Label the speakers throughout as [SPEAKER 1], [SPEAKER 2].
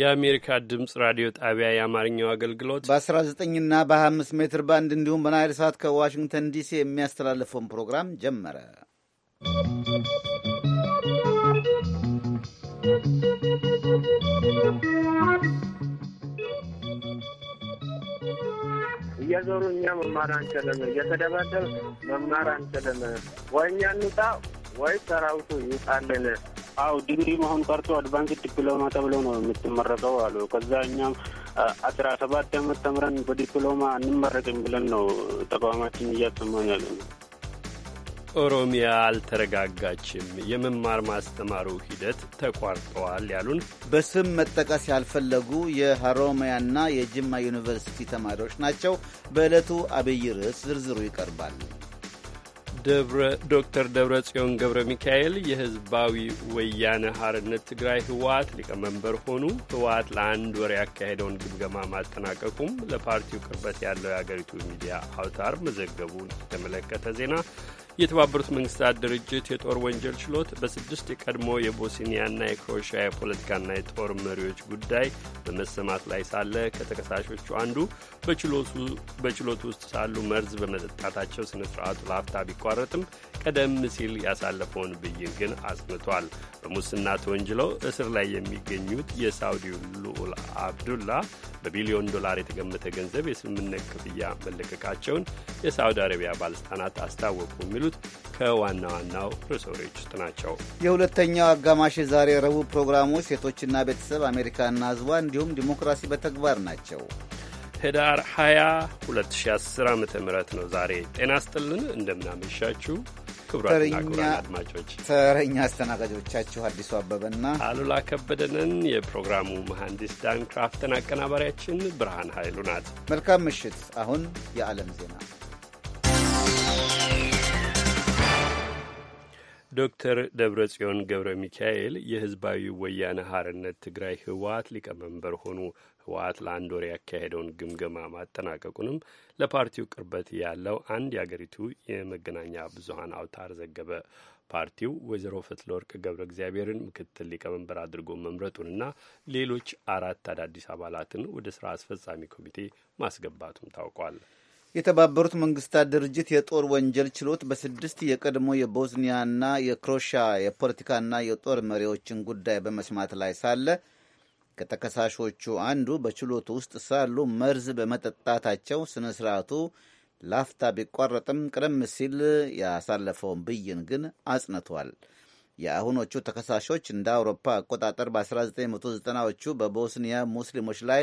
[SPEAKER 1] የአሜሪካ ድምፅ ራዲዮ ጣቢያ የአማርኛው አገልግሎት
[SPEAKER 2] በ19 እና በ25 ሜትር ባንድ እንዲሁም በናይል ሰዓት ከዋሽንግተን ዲሲ የሚያስተላልፈውን ፕሮግራም ጀመረ።
[SPEAKER 3] እየዞሩ እኛ መማር አንችልም፣ እየተደባደብ መማር አንችልም። ወይ እኛ
[SPEAKER 4] እንውጣ ወይ ሰራዊቱ ይውጣልን። አው ዲግሪ መሆን ቀርቶ አድቫንስ ዲፕሎማ ተብሎ ነው የምትመረቀው አሉ። ከዛ እኛም አስራ ሰባት አመት ተምረን በዲፕሎማ እንመረቅም ብለን ነው ተቋማችን እያሰማን ያለ ነው።
[SPEAKER 1] ኦሮሚያ አልተረጋጋችም፣ የመማር ማስተማሩ ሂደት ተቋርጠዋል ያሉን
[SPEAKER 2] በስም መጠቀስ ያልፈለጉ የሀሮማያና የጅማ ዩኒቨርሲቲ ተማሪዎች ናቸው። በዕለቱ አብይ ርዕስ ዝርዝሩ ይቀርባል።
[SPEAKER 1] ዶክተር ደብረ ጽዮን ገብረ ሚካኤል የህዝባዊ ወያነ ሀርነት ትግራይ ህወሓት ሊቀመንበር ሆኑ። ህወሓት ለአንድ ወር ያካሄደውን ግምገማ ማጠናቀቁም ለፓርቲው ቅርበት ያለው የአገሪቱ ሚዲያ አውታር መዘገቡን የተመለከተ ዜና የተባበሩት መንግስታት ድርጅት የጦር ወንጀል ችሎት በስድስት የቀድሞ የቦስኒያና የክሮሽያ የፖለቲካና የጦር መሪዎች ጉዳይ በመሰማት ላይ ሳለ ከተከሳሾቹ አንዱ በችሎቱ ውስጥ ሳሉ መርዝ በመጠጣታቸው ስነ ስርዓቱ ለአፍታ ቢቋረጥም ቀደም ሲል ያሳለፈውን ብይን ግን አጽንቷል። በሙስና ተወንጅለው እስር ላይ የሚገኙት የሳውዲው ልዑል አብዱላ በቢሊዮን ዶላር የተገመተ ገንዘብ የስምምነት ክፍያ መለቀቃቸውን የሳውዲ አረቢያ ባለስልጣናት አስታወቁ። የሚሉት ከዋና ዋናው ርዕሰ ውስጥ ናቸው።
[SPEAKER 2] የሁለተኛው አጋማሽ ዛሬ ረቡዕ ፕሮግራሞች ሴቶችና ቤተሰብ፣ አሜሪካና ህዝቧ እንዲሁም ዲሞክራሲ በተግባር ናቸው።
[SPEAKER 1] ህዳር 20 2010 ዓ ም ነው ዛሬ። ጤና ስጥልን እንደምናመሻችሁ
[SPEAKER 2] አድማጮች ተረኛ አስተናጋጆቻችሁ አዲሱ አበበና አሉላ ከበደንን
[SPEAKER 1] የፕሮግራሙ መሐንዲስ ዳን ክራፍትን፣ አቀናባሪያችን ብርሃን ኃይሉ ናት። መልካም ምሽት።
[SPEAKER 2] አሁን የዓለም ዜና
[SPEAKER 1] ዶክተር ደብረ ጽዮን ገብረ ሚካኤል የህዝባዊ ወያነ ሀርነት ትግራይ ህወሓት ሊቀመንበር ሆኑ። ህወሓት ለአንድ ወር ያካሄደውን ግምገማ ማጠናቀቁንም ለፓርቲው ቅርበት ያለው አንድ የአገሪቱ የመገናኛ ብዙሀን አውታር ዘገበ። ፓርቲው ወይዘሮ ፈትለወርቅ ገብረ እግዚአብሔርን ምክትል ሊቀመንበር አድርጎ መምረጡንና ሌሎች አራት አዳዲስ አባላትን ወደ ስራ አስፈጻሚ ኮሚቴ ማስገባቱም ታውቋል።
[SPEAKER 2] የተባበሩት መንግስታት ድርጅት የጦር ወንጀል ችሎት በስድስት የቀድሞ የቦዝኒያና የክሮሻ የፖለቲካና የጦር መሪዎችን ጉዳይ በመስማት ላይ ሳለ ከተከሳሾቹ አንዱ በችሎቱ ውስጥ ሳሉ መርዝ በመጠጣታቸው ስነ ስርዓቱ ላፍታ ቢቋረጥም ቀደም ሲል ያሳለፈውን ብይን ግን አጽንቷል። የአሁኖቹ ተከሳሾች እንደ አውሮፓ አቆጣጠር በ1990ዎቹ በቦስኒያ ሙስሊሞች ላይ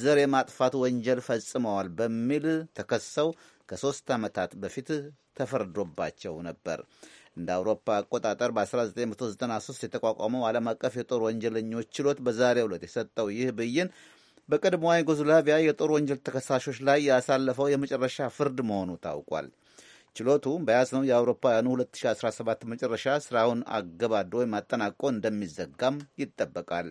[SPEAKER 2] ዘር የማጥፋት ወንጀል ፈጽመዋል በሚል ተከሰው ከሶስት ዓመታት በፊት ተፈርዶባቸው ነበር። እንደ አውሮፓ አቆጣጠር በ1993 የተቋቋመው ዓለም አቀፍ የጦር ወንጀለኞች ችሎት በዛሬ ዕለት የሰጠው ይህ ብይን በቀድሞዋ ዩጎዝላቪያ የጦር ወንጀል ተከሳሾች ላይ ያሳለፈው የመጨረሻ ፍርድ መሆኑ ታውቋል። ችሎቱ በያዝነው የአውሮፓውያኑ 2017 መጨረሻ ስራውን አገባዶ ወይም አጠናቆ እንደሚዘጋም ይጠበቃል።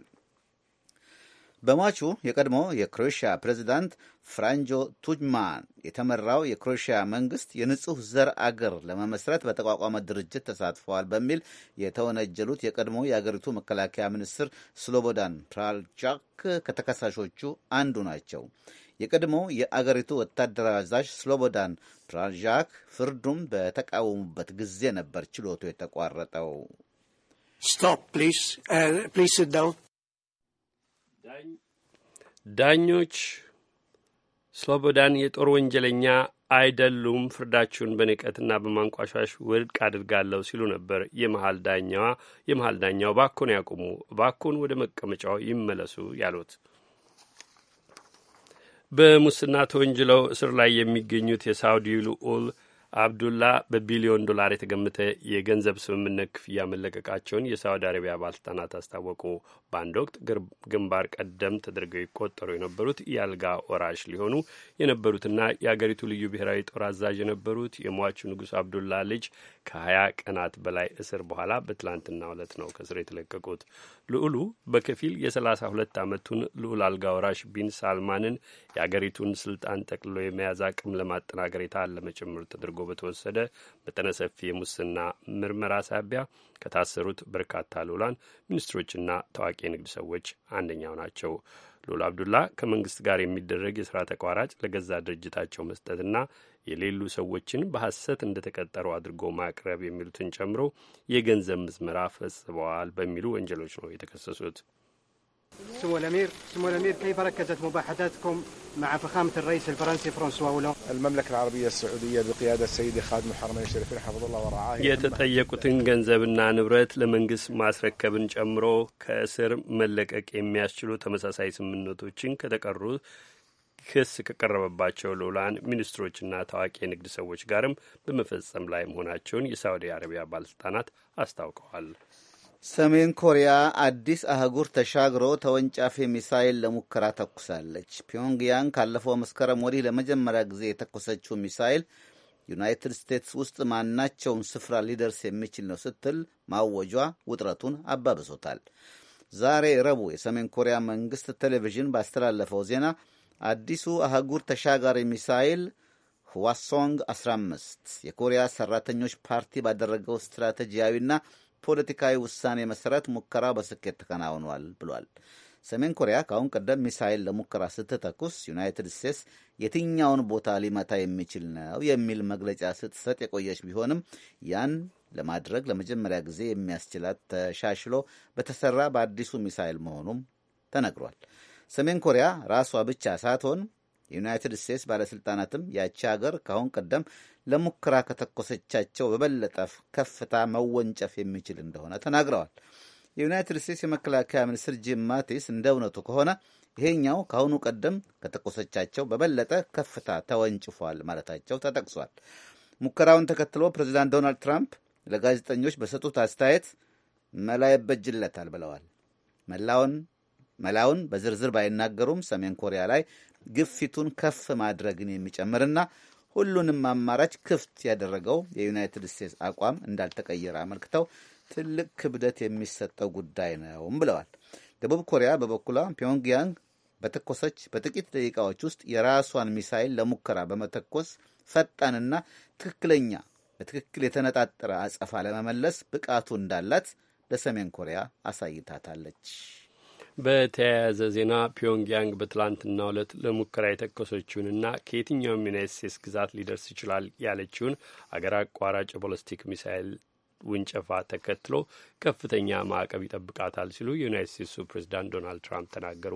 [SPEAKER 2] በሟቹ የቀድሞ የክሮኤሽያ ፕሬዚዳንት ፍራንጆ ቱጅማን የተመራው የክሮኤሽያ መንግስት የንጹህ ዘር አገር ለመመስረት በተቋቋመ ድርጅት ተሳትፈዋል በሚል የተወነጀሉት የቀድሞ የአገሪቱ መከላከያ ሚኒስትር ስሎቦዳን ፕራልቻክ ከተከሳሾቹ አንዱ ናቸው። የቀድሞ የአገሪቱ ወታደራዊ አዛዥ ስሎቦዳን ፕራልጃክ ፍርዱም በተቃወሙበት ጊዜ ነበር ችሎቱ የተቋረጠው። ስቶፕ ዳውን
[SPEAKER 1] ዳኞች ስሎቦዳን የጦር ወንጀለኛ አይደሉም፣ ፍርዳችሁን በንቀትና በማንቋሻሽ ውድቅ አድርጋለሁ ሲሉ ነበር የመሀል ዳኛዋ የመሀል ዳኛው ባኮን ያቁሙ፣ ባኮን ወደ መቀመጫው ይመለሱ ያሉት። በሙስና ተወንጅለው እስር ላይ የሚገኙት የሳውዲ ልዑል አብዱላ በቢሊዮን ዶላር የተገመተ የገንዘብ ስምምነት ክፍያ መለቀቃቸውን የሳዑዲ አረቢያ ባለስልጣናት አስታወቁ። በአንድ ወቅት ግንባር ቀደም ተደርገው ይቆጠሩ የነበሩት የአልጋ ወራሽ ሊሆኑ የነበሩትና የአገሪቱ ልዩ ብሔራዊ ጦር አዛዥ የነበሩት የሟቹ ንጉሥ አብዱላ ልጅ ከሀያ ቀናት በላይ እስር በኋላ በትላንትናው ዕለት ነው ከእስር የተለቀቁት። ልዑሉ በከፊል የ32 ዓመቱን ልዑል አልጋ ወራሽ ቢን ሳልማንን የአገሪቱን ስልጣን ጠቅልሎ የመያዝ አቅም ለማጠናከር የታለመ ጭምር ተደርጎ በተወሰደ መጠነ ሰፊ የሙስና ምርመራ ሳቢያ ከታሰሩት በርካታ ልዑላን ሚኒስትሮችና ታዋቂ የንግድ ሰዎች አንደኛው ናቸው። ልዑል አብዱላ ከመንግስት ጋር የሚደረግ የስራ ተቋራጭ ለገዛ ድርጅታቸው መስጠትና የሌሉ ሰዎችን በሐሰት እንደ አድርጎ ማቅረብ የሚሉትን ጨምሮ የገንዘብ ምዝመራ ፈጽበዋል በሚሉ ወንጀሎች ነው የተከሰሱት።
[SPEAKER 5] سمو الأمير سمو الأمير كيف ركزت مباحثاتكم مع فخامة الرئيس الفرنسي فرانسوا أولون المملكة العربية السعودية بقيادة السيد خادم الحرمين الشريفين حفظ الله ورعاه
[SPEAKER 1] የተጠየቁትን ገንዘብና ንብረት ለመንግስት ማስረከብን ጨምሮ ከእስር መለቀቅ የሚያስችሉ ተመሳሳይ ስምምነቶችን ከተቀሩ ክስ ከቀረበባቸው ልዑላን ሚኒስትሮችና ታዋቂ የንግድ ሰዎች ጋርም በመፈጸም ላይ መሆናቸውን የሳዑዲ አረቢያ ባለስልጣናት አስታውቀዋል።
[SPEAKER 2] ሰሜን ኮሪያ አዲስ አህጉር ተሻግሮ ተወንጫፊ ሚሳይል ለሙከራ ተኩሳለች። ፒዮንግያንግ ካለፈው መስከረም ወዲህ ለመጀመሪያ ጊዜ የተኮሰችው ሚሳይል ዩናይትድ ስቴትስ ውስጥ ማናቸውን ስፍራ ሊደርስ የሚችል ነው ስትል ማወጇ ውጥረቱን አባብሶታል። ዛሬ ረቡዕ የሰሜን ኮሪያ መንግስት ቴሌቪዥን ባስተላለፈው ዜና አዲሱ አህጉር ተሻጋሪ ሚሳይል ህዋሶንግ 15 የኮሪያ ሰራተኞች ፓርቲ ባደረገው ስትራቴጂያዊና ፖለቲካዊ ውሳኔ መሠረት ሙከራው በስኬት ተከናውኗል ብሏል። ሰሜን ኮሪያ ከአሁን ቀደም ሚሳይል ለሙከራ ስትተኩስ ዩናይትድ ስቴትስ የትኛውን ቦታ ሊመታ የሚችል ነው የሚል መግለጫ ስትሰጥ የቆየች ቢሆንም ያን ለማድረግ ለመጀመሪያ ጊዜ የሚያስችላት ተሻሽሎ በተሰራ በአዲሱ ሚሳይል መሆኑም ተነግሯል። ሰሜን ኮሪያ ራሷ ብቻ ሳትሆን የዩናይትድ ስቴትስ ባለሥልጣናትም ያቺ ሀገር ከአሁን ቀደም ለሙከራ ከተኮሰቻቸው በበለጠ ከፍታ መወንጨፍ የሚችል እንደሆነ ተናግረዋል። የዩናይትድ ስቴትስ የመከላከያ ሚኒስትር ጂም ማቲስ እንደ እውነቱ ከሆነ ይሄኛው ከአሁኑ ቀደም ከተኮሰቻቸው በበለጠ ከፍታ ተወንጭፏል ማለታቸው ተጠቅሷል። ሙከራውን ተከትሎ ፕሬዚዳንት ዶናልድ ትራምፕ ለጋዜጠኞች በሰጡት አስተያየት መላ ይበጅለታል ብለዋል። መላውን መላውን በዝርዝር ባይናገሩም ሰሜን ኮሪያ ላይ ግፊቱን ከፍ ማድረግን የሚጨምርና ሁሉንም አማራጭ ክፍት ያደረገው የዩናይትድ ስቴትስ አቋም እንዳልተቀየረ አመልክተው ትልቅ ክብደት የሚሰጠው ጉዳይ ነውም ብለዋል። ደቡብ ኮሪያ በበኩሏ ፒዮንግያንግ በተኮሰች በጥቂት ደቂቃዎች ውስጥ የራሷን ሚሳይል ለሙከራ በመተኮስ ፈጣንና ትክክለኛ በትክክል የተነጣጠረ አጸፋ ለመመለስ ብቃቱ እንዳላት ለሰሜን ኮሪያ አሳይታታለች።
[SPEAKER 1] በተያያዘ ዜና ፒዮንግያንግ በትላንትናው ዕለት ለሙከራ የተኮሰችውንና ከየትኛውም ዩናይት ስቴትስ ግዛት ሊደርስ ይችላል ያለችውን አገር አቋራጭ ቦለስቲክ ሚሳይል ውንጨፋ ተከትሎ ከፍተኛ ማዕቀብ ይጠብቃታል ሲሉ የዩናይት ስቴትሱ ፕሬዚዳንት ዶናልድ ትራምፕ ተናገሩ።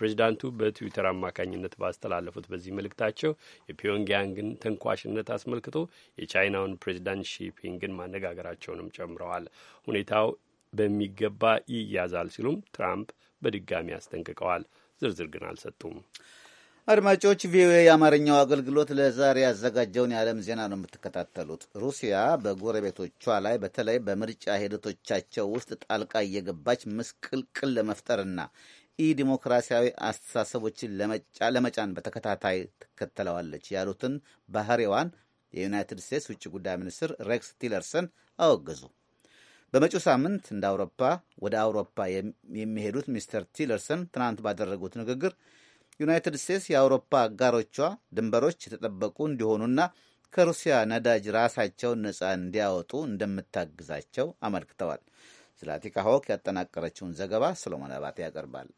[SPEAKER 1] ፕሬዚዳንቱ በትዊተር አማካኝነት ባስተላለፉት በዚህ መልእክታቸው የፒዮንግያንግን ተንኳሽነት አስመልክቶ የቻይናውን ፕሬዚዳንት ሺፒንግን ማነጋገራቸውንም ጨምረዋል። ሁኔታው በሚገባ ይያዛል ሲሉም ትራምፕ በድጋሚ አስጠንቅቀዋል። ዝርዝር ግን አልሰጡም።
[SPEAKER 2] አድማጮች ቪኦኤ የአማርኛው አገልግሎት ለዛሬ ያዘጋጀውን የዓለም ዜና ነው የምትከታተሉት። ሩሲያ በጎረቤቶቿ ላይ በተለይ በምርጫ ሂደቶቻቸው ውስጥ ጣልቃ እየገባች ምስቅልቅል ለመፍጠርና ኢ ዲሞክራሲያዊ አስተሳሰቦችን ለመጫን በተከታታይ ትከተለዋለች ያሉትን ባህሪዋን የዩናይትድ ስቴትስ ውጭ ጉዳይ ሚኒስትር ሬክስ ቲለርሰን አወገዙ። በመጪው ሳምንት እንደ አውሮፓ ወደ አውሮፓ የሚሄዱት ሚስተር ቲለርሰን ትናንት ባደረጉት ንግግር ዩናይትድ ስቴትስ የአውሮፓ አጋሮቿ ድንበሮች የተጠበቁ እንዲሆኑና ከሩሲያ ነዳጅ ራሳቸውን ነፃ እንዲያወጡ እንደምታግዛቸው አመልክተዋል። ዝላቲካ ሆክ ያጠናቀረችውን ዘገባ ሰሎሞን አባቴ ያቀርባል።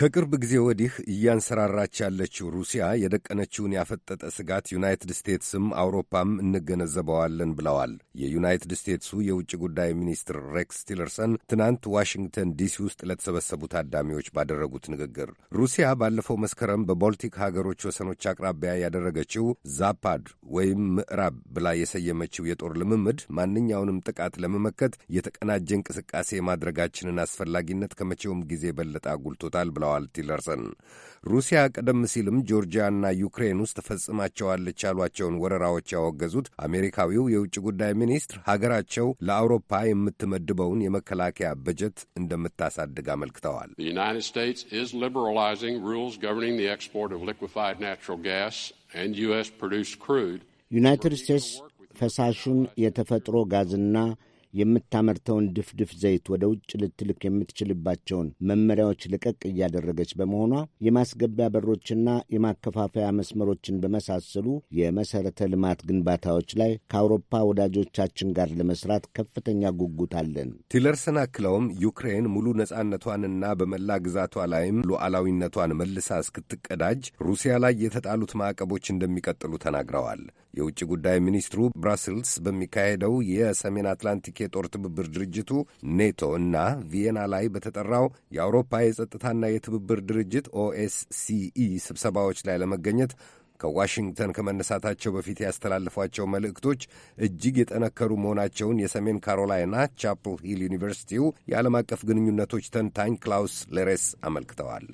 [SPEAKER 6] ከቅርብ ጊዜ ወዲህ እያንሰራራች ያለችው ሩሲያ የደቀነችውን ያፈጠጠ ስጋት ዩናይትድ ስቴትስም አውሮፓም እንገነዘበዋለን ብለዋል። የዩናይትድ ስቴትሱ የውጭ ጉዳይ ሚኒስትር ሬክስ ቲለርሰን ትናንት ዋሽንግተን ዲሲ ውስጥ ለተሰበሰቡ ታዳሚዎች ባደረጉት ንግግር ሩሲያ ባለፈው መስከረም በቦልቲክ ሀገሮች ወሰኖች አቅራቢያ ያደረገችው ዛፓድ ወይም ምዕራብ ብላ የሰየመችው የጦር ልምምድ ማንኛውንም ጥቃት ለመመከት የተቀናጀ እንቅስቃሴ ማድረጋችንን አስፈላጊነት ከመቼውም ጊዜ በለጠ አጉልቶታል ብለዋል። ብለዋል ቲለርሰን። ሩሲያ ቀደም ሲልም ጆርጂያና ዩክሬን ውስጥ ፈጽማቸዋለች ያሏቸውን ወረራዎች ያወገዙት አሜሪካዊው የውጭ ጉዳይ ሚኒስትር ሀገራቸው ለአውሮፓ የምትመድበውን የመከላከያ በጀት እንደምታሳድግ አመልክተዋል።
[SPEAKER 7] ዩናይትድ ስቴትስ ፈሳሹን የተፈጥሮ ጋዝና የምታመርተውን ድፍድፍ ዘይት ወደ ውጭ ልትልክ የምትችልባቸውን መመሪያዎች ልቀቅ እያደረገች በመሆኗ የማስገቢያ በሮችና የማከፋፈያ መስመሮችን በመሳሰሉ የመሠረተ ልማት ግንባታዎች ላይ ከአውሮፓ ወዳጆቻችን ጋር ለመስራት
[SPEAKER 6] ከፍተኛ ጉጉት አለን። ቲለርሰን አክለውም ዩክሬን ሙሉ ነጻነቷንና በመላ ግዛቷ ላይም ሉዓላዊነቷን መልሳ እስክትቀዳጅ ሩሲያ ላይ የተጣሉት ማዕቀቦች እንደሚቀጥሉ ተናግረዋል። የውጭ ጉዳይ ሚኒስትሩ ብራስልስ በሚካሄደው የሰሜን አትላንቲክ የጦር ትብብር ድርጅቱ ኔቶ እና ቪየና ላይ በተጠራው የአውሮፓ የጸጥታና የትብብር ድርጅት ኦኤስሲኢ ስብሰባዎች ላይ ለመገኘት ከዋሽንግተን ከመነሳታቸው በፊት ያስተላለፏቸው መልእክቶች እጅግ የጠነከሩ መሆናቸውን የሰሜን ካሮላይና ቻፕል ሂል ዩኒቨርሲቲው የዓለም አቀፍ ግንኙነቶች ተንታኝ ክላውስ ሌሬስ አመልክተዋል።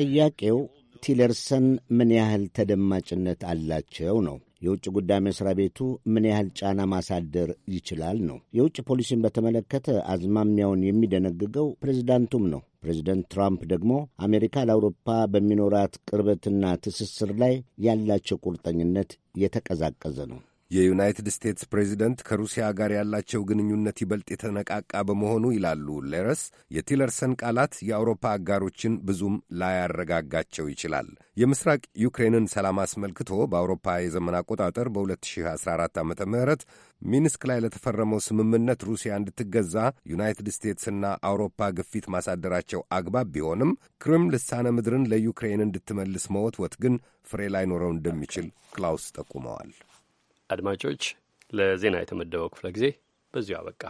[SPEAKER 7] ጥያቄው ቲለርሰን ምን ያህል ተደማጭነት አላቸው ነው። የውጭ ጉዳይ መስሪያ ቤቱ ምን ያህል ጫና ማሳደር ይችላል ነው። የውጭ ፖሊሲን በተመለከተ አዝማሚያውን የሚደነግገው ፕሬዚዳንቱም ነው። ፕሬዚደንት ትራምፕ ደግሞ አሜሪካ ለአውሮፓ በሚኖራት ቅርበትና
[SPEAKER 6] ትስስር ላይ ያላቸው ቁርጠኝነት የተቀዛቀዘ ነው። የዩናይትድ ስቴትስ ፕሬዚደንት ከሩሲያ ጋር ያላቸው ግንኙነት ይበልጥ የተነቃቃ በመሆኑ ይላሉ ሌረስ፣ የቲለርሰን ቃላት የአውሮፓ አጋሮችን ብዙም ላያረጋጋቸው ይችላል። የምስራቅ ዩክሬንን ሰላም አስመልክቶ በአውሮፓ የዘመን አቆጣጠር በ2014 ዓ ም ሚንስክ ላይ ለተፈረመው ስምምነት ሩሲያ እንድትገዛ ዩናይትድ ስቴትስና አውሮፓ ግፊት ማሳደራቸው አግባብ ቢሆንም ክርም ልሳነ ምድርን ለዩክሬን እንድትመልስ መወትወት ግን ፍሬ ላይኖረው እንደሚችል ክላውስ ጠቁመዋል። አድማጮች፣
[SPEAKER 1] ለዜና የተመደበው ክፍለ ጊዜ በዚሁ አበቃ።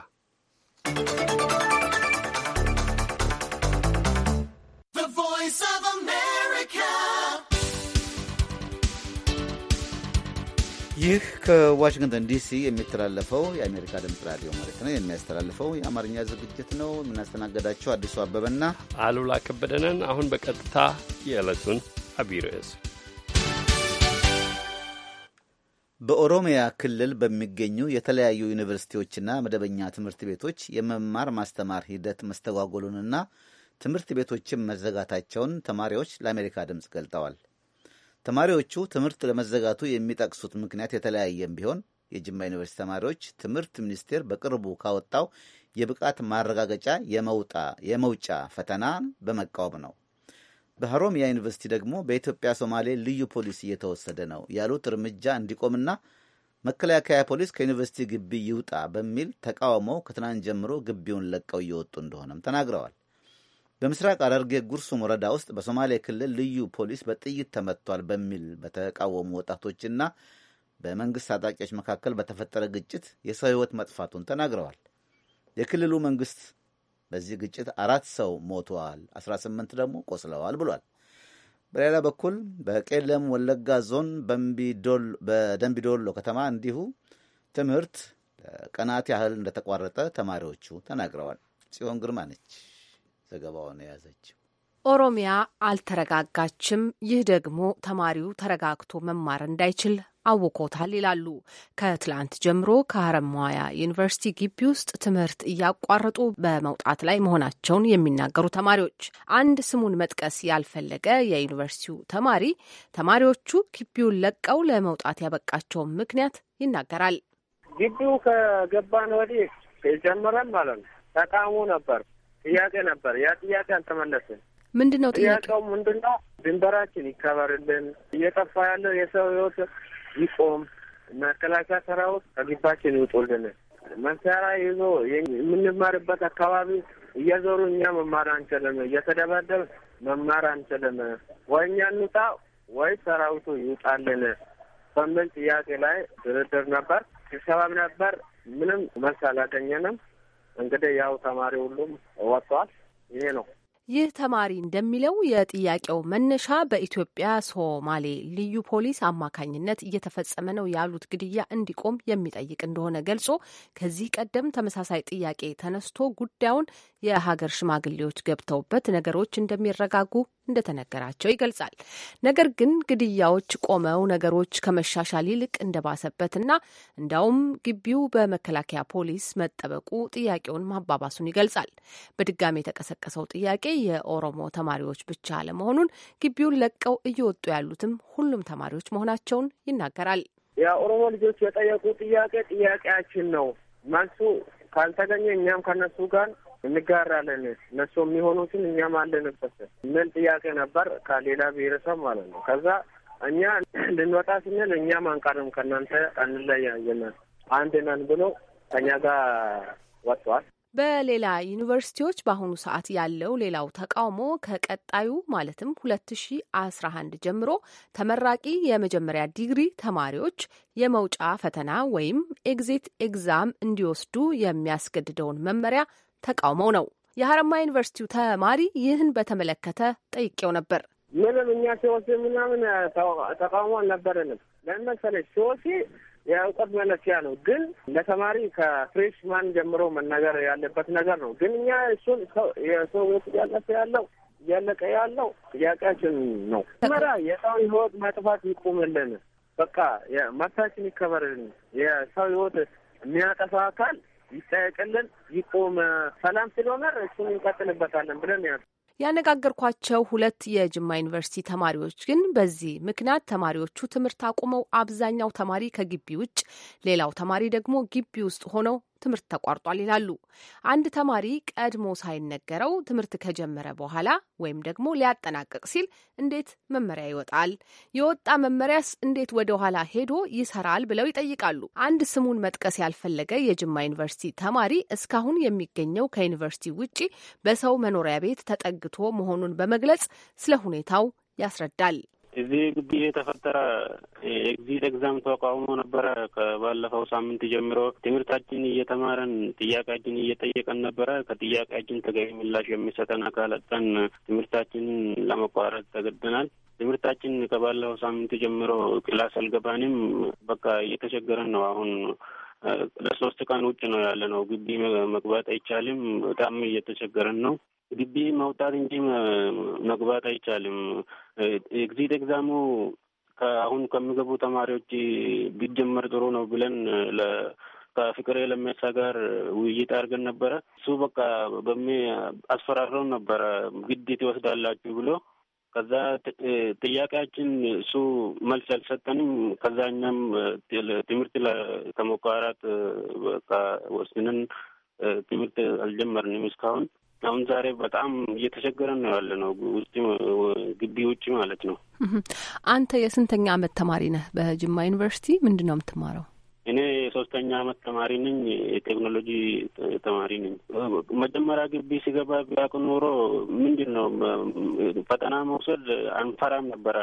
[SPEAKER 2] ይህ ከዋሽንግተን ዲሲ የሚተላለፈው የአሜሪካ ድምፅ ራዲዮ ማለት ነው የሚያስተላልፈው የአማርኛ ዝግጅት ነው። የምናስተናገዳቸው አዲሱ አበበና አሉላ ከበደንን። አሁን በቀጥታ የዕለቱን አብይ ርዕስ በኦሮሚያ ክልል በሚገኙ የተለያዩ ዩኒቨርሲቲዎችና መደበኛ ትምህርት ቤቶች የመማር ማስተማር ሂደት መስተጓጎሉንና ትምህርት ቤቶችን መዘጋታቸውን ተማሪዎች ለአሜሪካ ድምፅ ገልጠዋል። ተማሪዎቹ ትምህርት ለመዘጋቱ የሚጠቅሱት ምክንያት የተለያየም ቢሆን የጅማ ዩኒቨርሲቲ ተማሪዎች ትምህርት ሚኒስቴር በቅርቡ ካወጣው የብቃት ማረጋገጫ የመውጫ ፈተናን በመቃወም ነው። በሀሮሚያ ዩኒቨርሲቲ ደግሞ በኢትዮጵያ ሶማሌ ልዩ ፖሊስ እየተወሰደ ነው ያሉት እርምጃ እንዲቆምና መከላከያ ፖሊስ ከዩኒቨርሲቲ ግቢ ይውጣ በሚል ተቃውሞ ከትናንት ጀምሮ ግቢውን ለቀው እየወጡ እንደሆነም ተናግረዋል። በምስራቅ ሐረርጌ ጉርሱም ወረዳ ውስጥ በሶማሌ ክልል ልዩ ፖሊስ በጥይት ተመቷል በሚል በተቃወሙ ወጣቶችና በመንግስት ታጣቂዎች መካከል በተፈጠረ ግጭት የሰው ሕይወት መጥፋቱን ተናግረዋል። የክልሉ መንግስት። በዚህ ግጭት አራት ሰው ሞተዋል፣ 18 ደግሞ ቆስለዋል ብሏል። በሌላ በኩል በቄለም ወለጋ ዞን በደንቢዶሎ ከተማ እንዲሁ ትምህርት ቀናት ያህል እንደተቋረጠ ተማሪዎቹ ተናግረዋል። ጽዮን ግርማ ነች ዘገባውን የያዘችው።
[SPEAKER 8] ኦሮሚያ አልተረጋጋችም። ይህ ደግሞ ተማሪው ተረጋግቶ መማር እንዳይችል አውቆታል ይላሉ። ከትላንት ጀምሮ ከሀረማያ ዩኒቨርሲቲ ግቢ ውስጥ ትምህርት እያቋረጡ በመውጣት ላይ መሆናቸውን የሚናገሩ ተማሪዎች አንድ ስሙን መጥቀስ ያልፈለገ የዩኒቨርሲቲው ተማሪ ተማሪዎቹ ግቢውን ለቀው ለመውጣት ያበቃቸውን ምክንያት ይናገራል። ግቢው
[SPEAKER 3] ከገባን ወዲህ ጀምረን ማለት ነው ተቃውሞ ነበር፣ ጥያቄ ነበር። ያ ጥያቄ አልተመለስን
[SPEAKER 8] ምንድን ነው ጥያቄው?
[SPEAKER 3] ምንድን ነው? ድንበራችን ይከበርልን፣ እየጠፋ ያለው የሰው ህይወት ይቆም። መከላከያ ሰራዊት ከግባችን ይውጡልን። መሳሪያ ይዞ የምንማርበት አካባቢ እየዞሩ እኛ መማር አንችልም። እየተደበደብ መማር አንችልም። ወይ እኛ እንውጣ ወይ ሰራዊቱ ይውጣልን በምን ጥያቄ ላይ ድርድር ነበር፣ ስብሰባም ነበር። ምንም መልስ አላገኘንም። እንግዲህ ያው ተማሪ ሁሉም ወጥቷል። ይሄ ነው።
[SPEAKER 8] ይህ ተማሪ እንደሚለው የጥያቄው መነሻ በኢትዮጵያ ሶማሌ ልዩ ፖሊስ አማካኝነት እየተፈጸመ ነው ያሉት ግድያ እንዲቆም የሚጠይቅ እንደሆነ ገልጾ ከዚህ ቀደም ተመሳሳይ ጥያቄ ተነስቶ ጉዳዩን የሀገር ሽማግሌዎች ገብተውበት ነገሮች እንደሚረጋጉ እንደተነገራቸው ይገልጻል። ነገር ግን ግድያዎች ቆመው ነገሮች ከመሻሻል ይልቅ እንደባሰበትና እንዲያውም ግቢው በመከላከያ ፖሊስ መጠበቁ ጥያቄውን ማባባሱን ይገልጻል። በድጋሚ የተቀሰቀሰው ጥያቄ የኦሮሞ ተማሪዎች ብቻ አለመሆኑን ግቢውን ለቀው እየወጡ ያሉትም ሁሉም ተማሪዎች መሆናቸውን ይናገራል።
[SPEAKER 3] የኦሮሞ ልጆች የጠየቁ ጥያቄ ጥያቄያችን ነው። መልሱ ካልተገኘ እኛም ከነሱ ጋር እንጋራለን እነሱ የሚሆኑትን እኛም አለንበት ምን ጥያቄ ነበር ከሌላ ብሔረሰብ ማለት ነው። ከዛ እኛ ልንወጣ ስንል እኛም አንቀርም ከእናንተ አንለያየናል አንድ ነን ብሎ ከኛ ጋር ወጥቷል።
[SPEAKER 8] በሌላ ዩኒቨርሲቲዎች በአሁኑ ሰዓት ያለው ሌላው ተቃውሞ ከቀጣዩ ማለትም 2011 ጀምሮ ተመራቂ የመጀመሪያ ዲግሪ ተማሪዎች የመውጫ ፈተና ወይም ኤግዚት ኤግዛም እንዲወስዱ የሚያስገድደውን መመሪያ ተቃውመው ነው። የሀረማ ዩኒቨርሲቲው ተማሪ ይህን በተመለከተ ጠይቄው ነበር።
[SPEAKER 3] ምንም እኛ ሲወሲ ምናምን ተቃውሞ አልነበረንም። ለምን መሰለሽ ሲወሲ የእውቀት መለኪያ ነው። ግን ለተማሪ ከፍሬሽማን ጀምሮ መነገር ያለበት ነገር ነው። ግን እኛ እሱን የሰው ቤት እያለፈ ያለው እያለቀ ያለው ጥያቄያችን ነው። መራ የሰው ህይወት መጥፋት ይቁምልን። በቃ መብታችን ይከበርልን። የሰው ህይወት የሚያጠፋ አካል ይጠየቅልን፣ ይቁም። ሰላም ስለሆነ እሱን እንቀጥልበታለን ብለን ያሉ
[SPEAKER 8] ያነጋገርኳቸው ሁለት የጅማ ዩኒቨርሲቲ ተማሪዎች ግን በዚህ ምክንያት ተማሪዎቹ ትምህርት አቁመው አብዛኛው ተማሪ ከግቢ ውጭ፣ ሌላው ተማሪ ደግሞ ግቢ ውስጥ ሆነው ትምህርት ተቋርጧል ይላሉ። አንድ ተማሪ ቀድሞ ሳይነገረው ትምህርት ከጀመረ በኋላ ወይም ደግሞ ሊያጠናቅቅ ሲል እንዴት መመሪያ ይወጣል? የወጣ መመሪያስ እንዴት ወደ ኋላ ሄዶ ይሰራል? ብለው ይጠይቃሉ። አንድ ስሙን መጥቀስ ያልፈለገ የጅማ ዩኒቨርሲቲ ተማሪ እስካሁን የሚገኘው ከዩኒቨርሲቲ ውጪ በሰው መኖሪያ ቤት ተጠግቶ መሆኑን በመግለጽ ስለ ሁኔታው ያስረዳል።
[SPEAKER 4] እዚህ ግቢ የተፈጠረ ኤግዚት ኤግዛም ተቋውሞ ነበረ። ከባለፈው ሳምንት ጀምሮ ትምህርታችን እየተማረን ጥያቄያችን እየጠየቀን ነበረ። ከጥያቄያችን ተገቢ ምላሽ የሚሰጠን አካል አጠን ትምህርታችንን ለመቋረጥ ተገደናል። ትምህርታችን ከባለፈው ሳምንት ጀምሮ ክላስ አልገባንም። በቃ እየተቸገረን ነው አሁን ለሶስት ቀን ውጭ ነው ያለ ነው። ግቢ መግባት አይቻልም። በጣም እየተቸገረን ነው። ግቢ መውጣት እንጂ መግባት አይቻልም። ኤግዚት ኤግዛሙ ከአሁን ከሚገቡ ተማሪዎች ቢጀመር ጥሩ ነው ብለን ከፍቅሬ ለሜሳ ጋር ውይይት አድርገን ነበረ። እሱ በቃ በሚ አስፈራረው ነበረ ግዴት ይወስዳላችሁ ብሎ ከዛ ጥያቄያችን እሱ መልስ አልሰጠንም። ከዛ እኛም ትምህርት ከመቋረጥ ወስንን ትምህርት አልጀመርንም እስካሁን አሁን ዛሬ በጣም እየተቸገረን ነው ያለ ነው ውጭ ግቢ ውጭ ማለት ነው።
[SPEAKER 8] አንተ የስንተኛ አመት ተማሪ ነህ? በጅማ ዩኒቨርሲቲ ምንድን ነው የምትማረው?
[SPEAKER 4] እኔ የሶስተኛ አመት ተማሪ ነኝ። የቴክኖሎጂ ተማሪ ነኝ። መጀመሪያ ግቢ ሲገባ ቢያውቅ ኖሮ ምንድን ነው ፈተና መውሰድ አንፈራም ነበረ።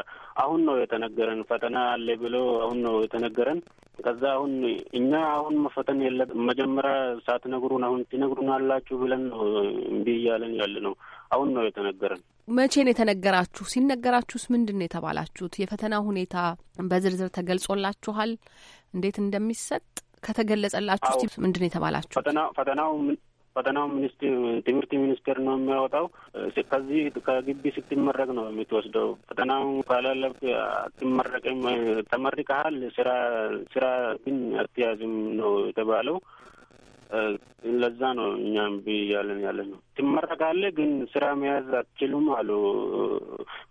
[SPEAKER 4] አሁን ነው የተነገረን ፈተና አለ ብለው አሁን ነው የተነገረን። ከዛ አሁን እኛ አሁን መፈተን የለ መጀመሪያ ሳትነግሩን አሁን ሲነግሩን አላችሁ ብለን ነው እምቢ እያለን ያለ ነው። አሁን ነው የተነገረን።
[SPEAKER 8] መቼ ነው የተነገራችሁ? ሲነገራችሁስ ምንድን ነው የተባላችሁት? የፈተና ሁኔታ በዝርዝር ተገልጾላችኋል? እንዴት እንደሚሰጥ ከተገለጸላችሁ ምንድን የተባላችሁ?
[SPEAKER 4] ፈተናው ፈተናው ሚኒስትር ትምህርት ሚኒስቴር ነው የሚያወጣው። ከዚህ ከግቢ ስትመረቅ ነው የምትወስደው። ፈተናው ካላለፍክ አትመረቅም። ተመርቀሃል፣ ስራ ስራ ግን አትያዝም ነው የተባለው። ለዛ ነው እኛም ብያለን ያለ ነው። ትመረቃለህ ግን ስራ መያዝ አትችሉም አሉ።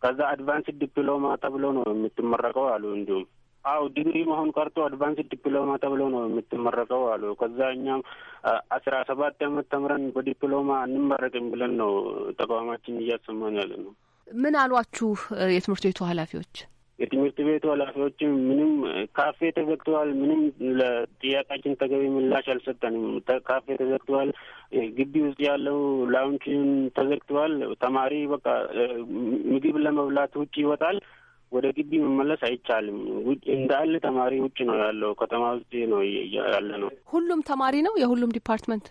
[SPEAKER 4] ከዛ አድቫንስ ዲፕሎማ ተብሎ ነው የምትመረቀው አሉ እንዲሁም አው ዲግሪ መሆን ቀርቶ አድቫንስ ዲፕሎማ ተብሎ ነው የምትመረቀው አሉ። ከዛ እኛም አስራ ሰባት አመት ተምረን በዲፕሎማ እንመረቅም ብለን ነው ተቋማችን እያሰማን ያለ ነው።
[SPEAKER 8] ምን አሏችሁ የትምህርት ቤቱ ኃላፊዎች?
[SPEAKER 4] የትምህርት ቤቱ ኃላፊዎችም ምንም ካፌ ተዘግተዋል፣ ምንም ለጥያቄያችን ተገቢ ምላሽ አልሰጠንም። ካፌ ተዘግተዋል፣ ግቢ ውስጥ ያለው ላውንችን ተዘግተዋል። ተማሪ በቃ ምግብ ለመብላት ውጭ ይወጣል። ወደ ግቢ መመለስ አይቻልም። እንዳለ ተማሪ ውጭ ነው ያለው፣ ከተማ ውስጥ ነው ያለ ነው።
[SPEAKER 8] ሁሉም ተማሪ ነው የሁሉም ዲፓርትመንት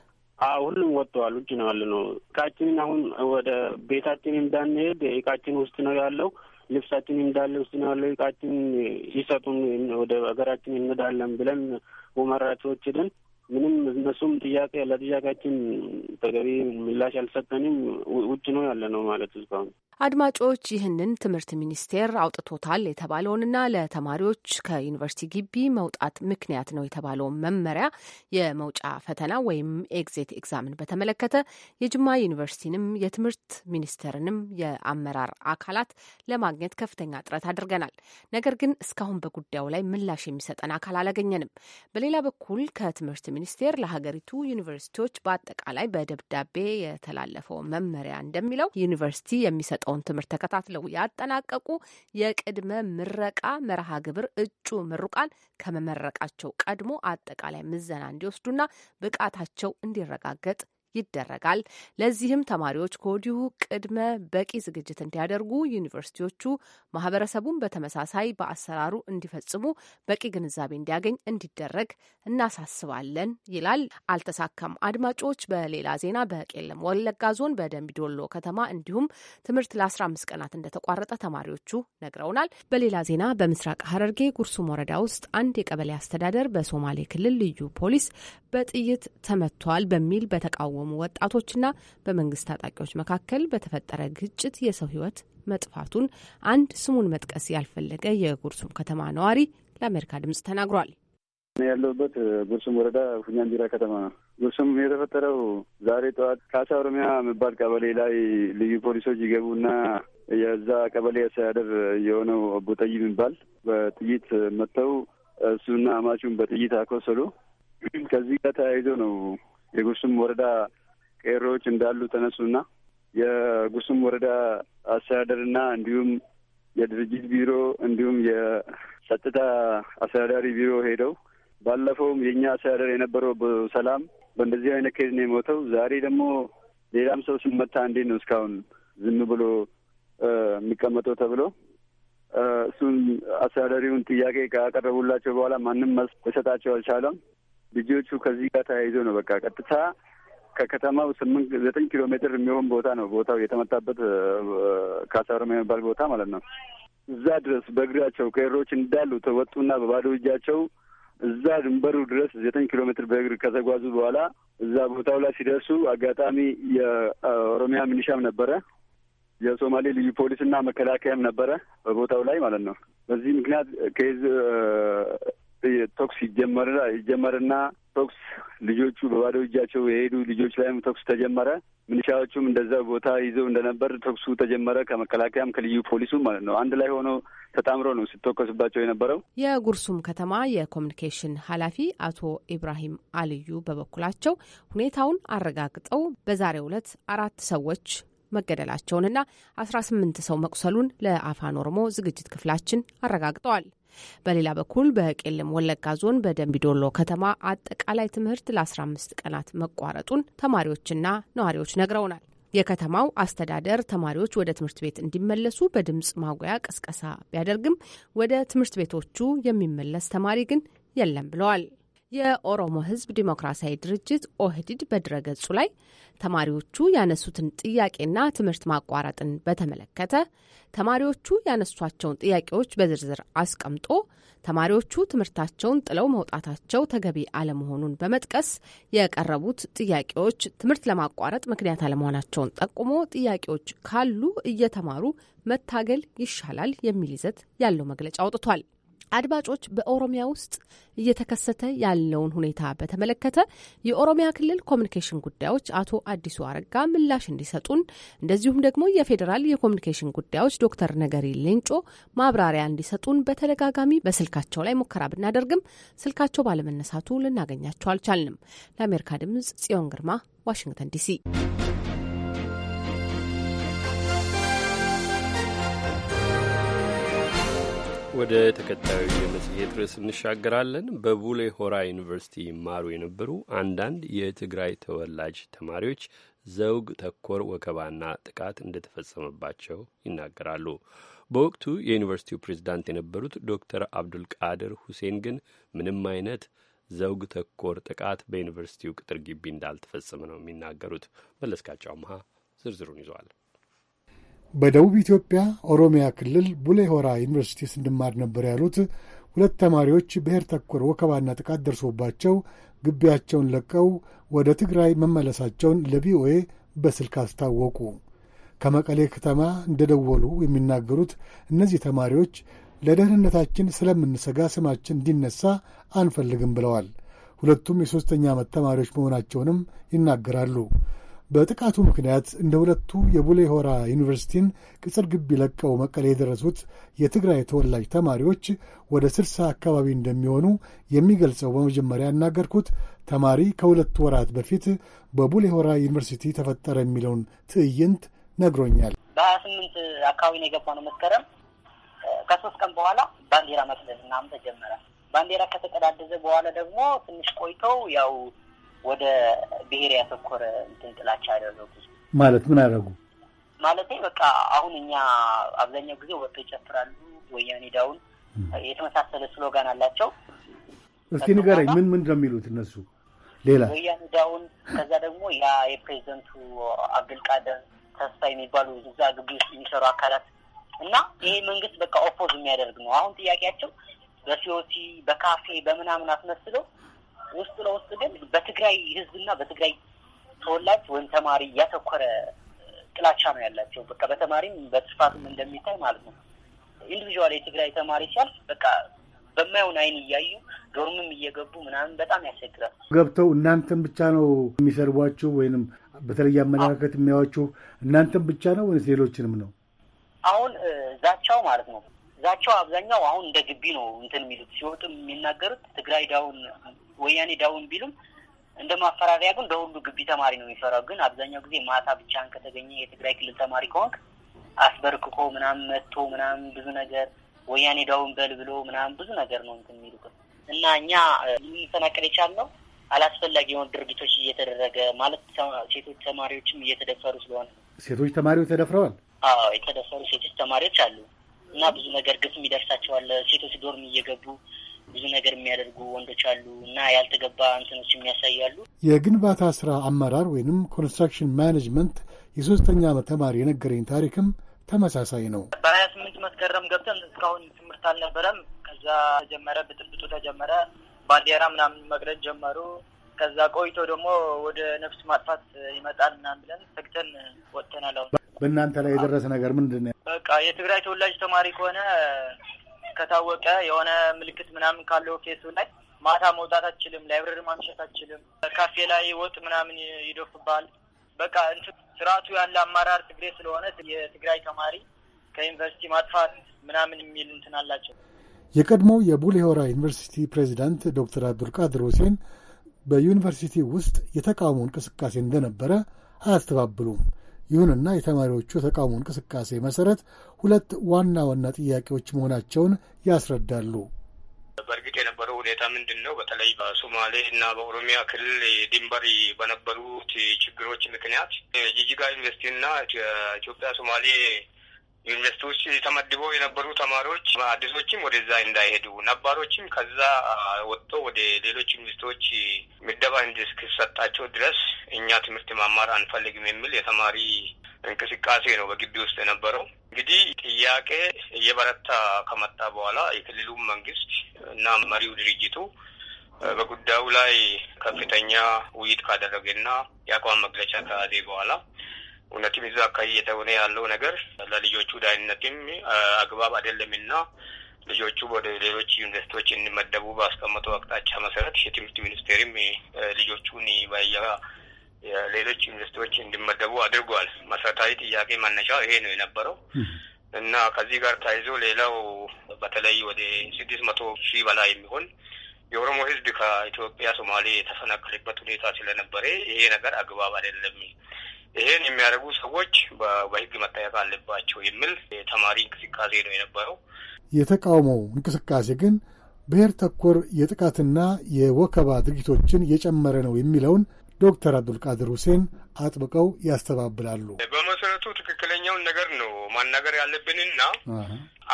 [SPEAKER 4] አዎ ሁሉም ወጥተዋል። ውጭ ነው ያለ ነው። እቃችንን አሁን ወደ ቤታችን እንዳንሄድ እቃችን ውስጥ ነው ያለው። ልብሳችን እንዳለ ውስጥ ነው ያለው። እቃችን ይሰጡን ወደ ሀገራችን እንሄዳለን ብለን ወመራቾች ሄደን ምንም እነሱም ጥያቄ ለጥያቄያችን ተገቢ ምላሽ አልሰጠንም። ውጭ ነው ያለ ነው ማለት እስካሁን
[SPEAKER 8] አድማጮች ይህንን ትምህርት ሚኒስቴር አውጥቶታል የተባለውንና ለተማሪዎች ከዩኒቨርሲቲ ግቢ መውጣት ምክንያት ነው የተባለውን መመሪያ የመውጫ ፈተና ወይም ኤግዜት ኤግዛምን በተመለከተ የጅማ ዩኒቨርሲቲንም የትምህርት ሚኒስቴርንም የአመራር አካላት ለማግኘት ከፍተኛ ጥረት አድርገናል። ነገር ግን እስካሁን በጉዳዩ ላይ ምላሽ የሚሰጠን አካል አላገኘንም። በሌላ በኩል ከትምህርት ሚኒስቴር ለሀገሪቱ ዩኒቨርሲቲዎች በአጠቃላይ በደብዳቤ የተላለፈው መመሪያ እንደሚለው ዩኒቨርሲቲ የሚሰጠው የተሰጠውን ትምህርት ተከታትለው ያጠናቀቁ የቅድመ ምረቃ መርሃ ግብር እጩ ምሩቃን ከመመረቃቸው ቀድሞ አጠቃላይ ምዘና እንዲወስዱና ብቃታቸው እንዲረጋገጥ ይደረጋል። ለዚህም ተማሪዎች ከወዲሁ ቅድመ በቂ ዝግጅት እንዲያደርጉ ዩኒቨርሲቲዎቹ ማህበረሰቡን በተመሳሳይ በአሰራሩ እንዲፈጽሙ በቂ ግንዛቤ እንዲያገኝ እንዲደረግ እናሳስባለን ይላል። አልተሳካም። አድማጮች፣ በሌላ ዜና በቄለም ወለጋ ዞን በደምቢዶሎ ከተማ እንዲሁም ትምህርት ለ15 ቀናት እንደተቋረጠ ተማሪዎቹ ነግረውናል። በሌላ ዜና በምስራቅ ሀረርጌ ጉርሱም ወረዳ ውስጥ አንድ የቀበሌ አስተዳደር በሶማሌ ክልል ልዩ ፖሊስ በጥይት ተመቷል በሚል በተቃወሙ ወጣቶችና በመንግስት ታጣቂዎች መካከል በተፈጠረ ግጭት የሰው ህይወት መጥፋቱን አንድ ስሙን መጥቀስ ያልፈለገ የጉርሱም ከተማ ነዋሪ ለአሜሪካ ድምጽ ተናግሯል።
[SPEAKER 9] ያለሁበት ጉርሱም ወረዳ ሁኛን ከተማ ነው። ጉርሱም የተፈጠረው ዛሬ ጠዋት ካሳ ኦሮሚያ የሚባል ቀበሌ ላይ ልዩ ፖሊሶች ይገቡና የዛ ቀበሌ አስተዳደር የሆነው አቦ ጠይ የሚባል በጥይት መጥተው እሱና አማቹን በጥይት አኮሰሉ። ከዚህ ጋር ተያይዞ ነው የጉሱም ወረዳ ቀሮዎች እንዳሉ ተነሱና የጉሱም ወረዳ አስተዳደርና እንዲሁም የድርጅት ቢሮ እንዲሁም የጸጥታ አስተዳዳሪ ቢሮ ሄደው ባለፈውም የእኛ አስተዳደር የነበረው በሰላም በእንደዚህ አይነት ኬዝ ነው የሞተው። ዛሬ ደግሞ ሌላም ሰው ሲመታ እንዴት ነው እስካሁን ዝም ብሎ የሚቀመጠው ተብሎ እሱን አስተዳዳሪውን ጥያቄ ካቀረቡላቸው በኋላ ማንም መልስ ሊሰጣቸው አልቻለም። ልጆቹ ከዚህ ጋር ተያይዞ ነው በቃ ቀጥታ ከከተማው ስምንት ዘጠኝ ኪሎ ሜትር የሚሆን ቦታ ነው ቦታው የተመታበት ካሳርም የሚባል ቦታ ማለት ነው። እዛ ድረስ በእግራቸው ከሮች እንዳሉ ተወጡና በባዶ እጃቸው እዛ ድንበሩ ድረስ ዘጠኝ ኪሎ ሜትር በእግር ከተጓዙ በኋላ እዛ ቦታው ላይ ሲደርሱ አጋጣሚ የኦሮሚያ ሚኒሻም ነበረ፣ የሶማሌ ልዩ ፖሊስና መከላከያም ነበረ በቦታው ላይ ማለት ነው። በዚህ ምክንያት ተኩስ ይጀመር ይጀመርና ተኩስ ልጆቹ በባዶ እጃቸው የሄዱ ልጆች ላይም ተኩስ ተጀመረ። ምንሻዎቹም እንደዛ ቦታ ይዘው እንደነበር ተኩሱ ተጀመረ። ከመከላከያም ከልዩ ፖሊሱ ማለት ነው። አንድ ላይ ሆኖ ተጣምሮ ነው ሲተኮስባቸው የነበረው።
[SPEAKER 8] የጉርሱም ከተማ የኮሚኒኬሽን ኃላፊ አቶ ኢብራሂም አልዩ በበኩላቸው ሁኔታውን አረጋግጠው በዛሬው ዕለት አራት ሰዎች መገደላቸውንና አስራ ስምንት ሰው መቁሰሉን ለአፋን ኦሮሞ ዝግጅት ክፍላችን አረጋግጠዋል። በሌላ በኩል በቄለም ወለጋ ዞን በደንቢዶሎ ከተማ አጠቃላይ ትምህርት ለ15 ቀናት መቋረጡን ተማሪዎችና ነዋሪዎች ነግረውናል። የከተማው አስተዳደር ተማሪዎች ወደ ትምህርት ቤት እንዲመለሱ በድምፅ ማጉያ ቅስቀሳ ቢያደርግም ወደ ትምህርት ቤቶቹ የሚመለስ ተማሪ ግን የለም ብለዋል። የኦሮሞ ሕዝብ ዲሞክራሲያዊ ድርጅት ኦህዲድ በድረገጹ ላይ ተማሪዎቹ ያነሱትን ጥያቄና ትምህርት ማቋረጥን በተመለከተ ተማሪዎቹ ያነሷቸውን ጥያቄዎች በዝርዝር አስቀምጦ ተማሪዎቹ ትምህርታቸውን ጥለው መውጣታቸው ተገቢ አለመሆኑን በመጥቀስ የቀረቡት ጥያቄዎች ትምህርት ለማቋረጥ ምክንያት አለመሆናቸውን ጠቁሞ ጥያቄዎች ካሉ እየተማሩ መታገል ይሻላል የሚል ይዘት ያለው መግለጫ አውጥቷል። አድማጮች በኦሮሚያ ውስጥ እየተከሰተ ያለውን ሁኔታ በተመለከተ የኦሮሚያ ክልል ኮሚኒኬሽን ጉዳዮች አቶ አዲሱ አረጋ ምላሽ እንዲሰጡን እንደዚሁም ደግሞ የፌዴራል የኮሚኒኬሽን ጉዳዮች ዶክተር ነገሪ ሌንጮ ማብራሪያ እንዲሰጡን በተደጋጋሚ በስልካቸው ላይ ሙከራ ብናደርግም ስልካቸው ባለመነሳቱ ልናገኛቸው አልቻልንም። ለአሜሪካ ድምጽ ጽዮን ግርማ ዋሽንግተን ዲሲ
[SPEAKER 1] ወደ ተከታዩ የመጽሔት ርዕስ እንሻገራለን። በቡሌ ሆራ ዩኒቨርሲቲ ይማሩ የነበሩ አንዳንድ የትግራይ ተወላጅ ተማሪዎች ዘውግ ተኮር ወከባና ጥቃት እንደተፈጸመባቸው ይናገራሉ። በወቅቱ የዩኒቨርሲቲው ፕሬዝዳንት የነበሩት ዶክተር አብዱል ቃድር ሁሴን ግን ምንም አይነት ዘውግ ተኮር ጥቃት በዩኒቨርሲቲው ቅጥር ግቢ እንዳልተፈጸመ ነው የሚናገሩት። መለስካቸው አምሃ ዝርዝሩን ይዘዋል።
[SPEAKER 10] በደቡብ ኢትዮጵያ ኦሮሚያ ክልል ቡሌ ሆራ ዩኒቨርሲቲ ስንማር ነበር ያሉት ሁለት ተማሪዎች ብሔር ተኮር ወከባና ጥቃት ደርሶባቸው ግቢያቸውን ለቀው ወደ ትግራይ መመለሳቸውን ለቪኦኤ በስልክ አስታወቁ። ከመቀሌ ከተማ እንደደወሉ የሚናገሩት እነዚህ ተማሪዎች ለደህንነታችን ስለምንሰጋ ስማችን እንዲነሳ አንፈልግም ብለዋል። ሁለቱም የሦስተኛ ዓመት ተማሪዎች መሆናቸውንም ይናገራሉ። በጥቃቱ ምክንያት እንደ ሁለቱ የቡሌ ሆራ ዩኒቨርሲቲን ቅጽር ግቢ ለቀው መቀሌ የደረሱት የትግራይ ተወላጅ ተማሪዎች ወደ ስልሳ አካባቢ እንደሚሆኑ የሚገልጸው በመጀመሪያ ያናገርኩት ተማሪ ከሁለቱ ወራት በፊት በቡሌ ሆራ ዩኒቨርሲቲ ተፈጠረ የሚለውን ትዕይንት ነግሮኛል።
[SPEAKER 11] በሀያ ስምንት አካባቢ ነው የገባነው መስከረም። ከሶስት ቀን በኋላ ባንዲራ መቅደድ ምናምን ተጀመረ። ባንዲራ ከተቀዳደዘ በኋላ ደግሞ ትንሽ ቆይተው ያው ወደ ብሔር ያተኮረ እንትን ጥላቻ ያደረጉ
[SPEAKER 10] ማለት ምን አደረጉ
[SPEAKER 11] ማለት በቃ አሁን እኛ አብዛኛው ጊዜ ወጥቶ ይጨፍራሉ፣ ወያኔ ዳውን የተመሳሰለ ስሎጋን አላቸው። እስቲ ንገረኝ፣
[SPEAKER 10] ምን ምንድን ነው የሚሉት እነሱ? ሌላ ወያኔ
[SPEAKER 11] ዳውን፣ ከዛ ደግሞ ያ የፕሬዚደንቱ አብዱልቃደር ተስፋ የሚባሉ እዛ ግቢ ውስጥ የሚሰሩ አካላት እና ይሄ መንግስት በቃ ኦፖዝ የሚያደርግ ነው። አሁን ጥያቄያቸው በሲኦሲ በካፌ በምናምን አስመስለው ውስጥ ለውስጥ ግን በትግራይ ህዝብና በትግራይ ተወላጅ ወይም ተማሪ እያተኮረ ጥላቻ ነው ያላቸው። በቃ በተማሪም በስፋትም እንደሚታይ ማለት ነው። ኢንዲቪዥዋል የትግራይ ተማሪ ሲያልፍ በቃ በማየውን አይን እያዩ ዶርምም እየገቡ ምናምን በጣም ያስቸግራል።
[SPEAKER 7] ገብተው
[SPEAKER 10] እናንተን ብቻ ነው የሚሰርቧችሁ ወይም በተለየ አመለካከት የሚያዋችሁ እናንተን ብቻ ነው ወይስ ሌሎችንም ነው?
[SPEAKER 11] አሁን ዛቻው ማለት ነው ዛቻው አብዛኛው አሁን እንደ ግቢ ነው እንትን የሚሉት ሲወጡ የሚናገሩት ትግራይ ዳውን ወያኔ ዳውን ቢሉም እንደ ማፈራሪያ ግን በሁሉ ግቢ ተማሪ ነው የሚፈራው። ግን አብዛኛው ጊዜ ማታ ብቻን ከተገኘ የትግራይ ክልል ተማሪ ከሆንክ አስበርክኮ ምናምን መጥቶ ምናምን ብዙ ነገር ወያኔ ዳውን በል ብሎ ምናምን ብዙ ነገር ነው እንትን የሚሉት እና እኛ ልንፈናቀል የቻልነው አላስፈላጊ የሆኑ ድርጊቶች እየተደረገ ማለት ሴቶች ተማሪዎችም እየተደፈሩ ስለሆነ
[SPEAKER 10] ሴቶች ተማሪዎች ተደፍረዋል።
[SPEAKER 11] አዎ የተደፈሩ ሴቶች ተማሪዎች አሉ እና ብዙ ነገር ግፍ የሚደርሳቸዋል። ሴቶች ዶርም እየገቡ ብዙ ነገር የሚያደርጉ ወንዶች አሉ እና ያልተገባ እንትኖች የሚያሳያሉ።
[SPEAKER 10] የግንባታ ስራ አመራር ወይንም ኮንስትራክሽን ማኔጅመንት የሶስተኛ ዓመት ተማሪ የነገረኝ ታሪክም ተመሳሳይ ነው። በሀያ ስምንት
[SPEAKER 11] መስከረም ገብተን እስካሁን ትምህርት አልነበረም። ከዛ ተጀመረ፣ ብጥብጡ ተጀመረ። ባንዲራ ምናምን መቅረጽ ጀመሩ። ከዛ ቆይቶ ደግሞ ወደ ነፍስ ማጥፋት ይመጣል ምናምን ብለን ሰግተን ወጥተናል። አሁን
[SPEAKER 10] በእናንተ ላይ የደረሰ ነገር ምንድን ነው?
[SPEAKER 11] በቃ የትግራይ ተወላጅ ተማሪ ከሆነ ከታወቀ የሆነ ምልክት ምናምን ካለው ኬሱ ላይ ማታ መውጣት አችልም፣ ላይብረሪ ማምሸት አችልም፣ ካፌ ላይ ወጥ ምናምን ይደፍባል በቃ ስርዓቱ ያለ አመራር ትግሬ ስለሆነ የትግራይ ተማሪ ከዩኒቨርሲቲ ማጥፋት ምናምን የሚል እንትን አላቸው።
[SPEAKER 10] የቀድሞው የቡሌ ሆራ ዩኒቨርሲቲ ፕሬዚዳንት ዶክተር አብዱልቃድር ሁሴን በዩኒቨርሲቲ ውስጥ የተቃውሞ እንቅስቃሴ እንደነበረ አያስተባብሉም። ይሁንና የተማሪዎቹ ተቃውሞ እንቅስቃሴ መሰረት ሁለት ዋና ዋና ጥያቄዎች መሆናቸውን ያስረዳሉ። በእርግጥ የነበረው ሁኔታ ምንድን ነው? በተለይ በሶማሌ እና በኦሮሚያ ክልል
[SPEAKER 12] ድንበር በነበሩት ችግሮች ምክንያት ጂጂጋ ዩኒቨርሲቲ እና ኢትዮጵያ ሶማሌ ዩኒቨርስቲ ውስጥ ተመድበው የነበሩ ተማሪዎች አዲሶችም ወደዛ እንዳይሄዱ፣ ነባሮችም ከዛ ወጥቶ ወደ ሌሎች ዩኒቨርስቲዎች ምደባ እስኪሰጣቸው ድረስ እኛ ትምህርት ማማር አንፈልግም የሚል የተማሪ እንቅስቃሴ ነው በግቢ ውስጥ የነበረው። እንግዲህ ጥያቄ እየበረታ ከመጣ በኋላ የክልሉም መንግስት እና መሪው ድርጅቱ በጉዳዩ ላይ ከፍተኛ ውይይት ካደረገና የአቋም መግለጫ ከያዘ በኋላ እውነትም እዛ አካባቢ እየተሆነ ያለው ነገር ለልጆቹ ዳይነትም አግባብ አይደለምና ልጆቹ ወደ ሌሎች ዩኒቨርስቲዎች እንዲመደቡ በአስቀምጠ አቅጣጫ መሰረት የትምህርት ሚኒስቴርም ልጆቹን ባያ ሌሎች ዩኒቨርስቲዎች እንዲመደቡ አድርጓል። መሰረታዊ ጥያቄ ማነሻ ይሄ ነው የነበረው እና ከዚህ ጋር ተያይዞ ሌላው በተለይ ወደ ስድስት መቶ ሺህ በላይ የሚሆን የኦሮሞ ሕዝብ ከኢትዮጵያ ሶማሌ የተፈናቀለበት ሁኔታ ስለነበረ ይሄ ነገር አግባብ አይደለም ይሄን የሚያደርጉ ሰዎች በህግ መጠየቅ አለባቸው የሚል የተማሪ እንቅስቃሴ ነው የነበረው።
[SPEAKER 10] የተቃውሞው እንቅስቃሴ ግን ብሔር ተኮር የጥቃትና የወከባ ድርጊቶችን እየጨመረ ነው የሚለውን ዶክተር አብዱልቃድር ሁሴን አጥብቀው ያስተባብላሉ። በመሰረቱ
[SPEAKER 12] ትክክለኛውን ነገር ነው ማናገር ያለብንና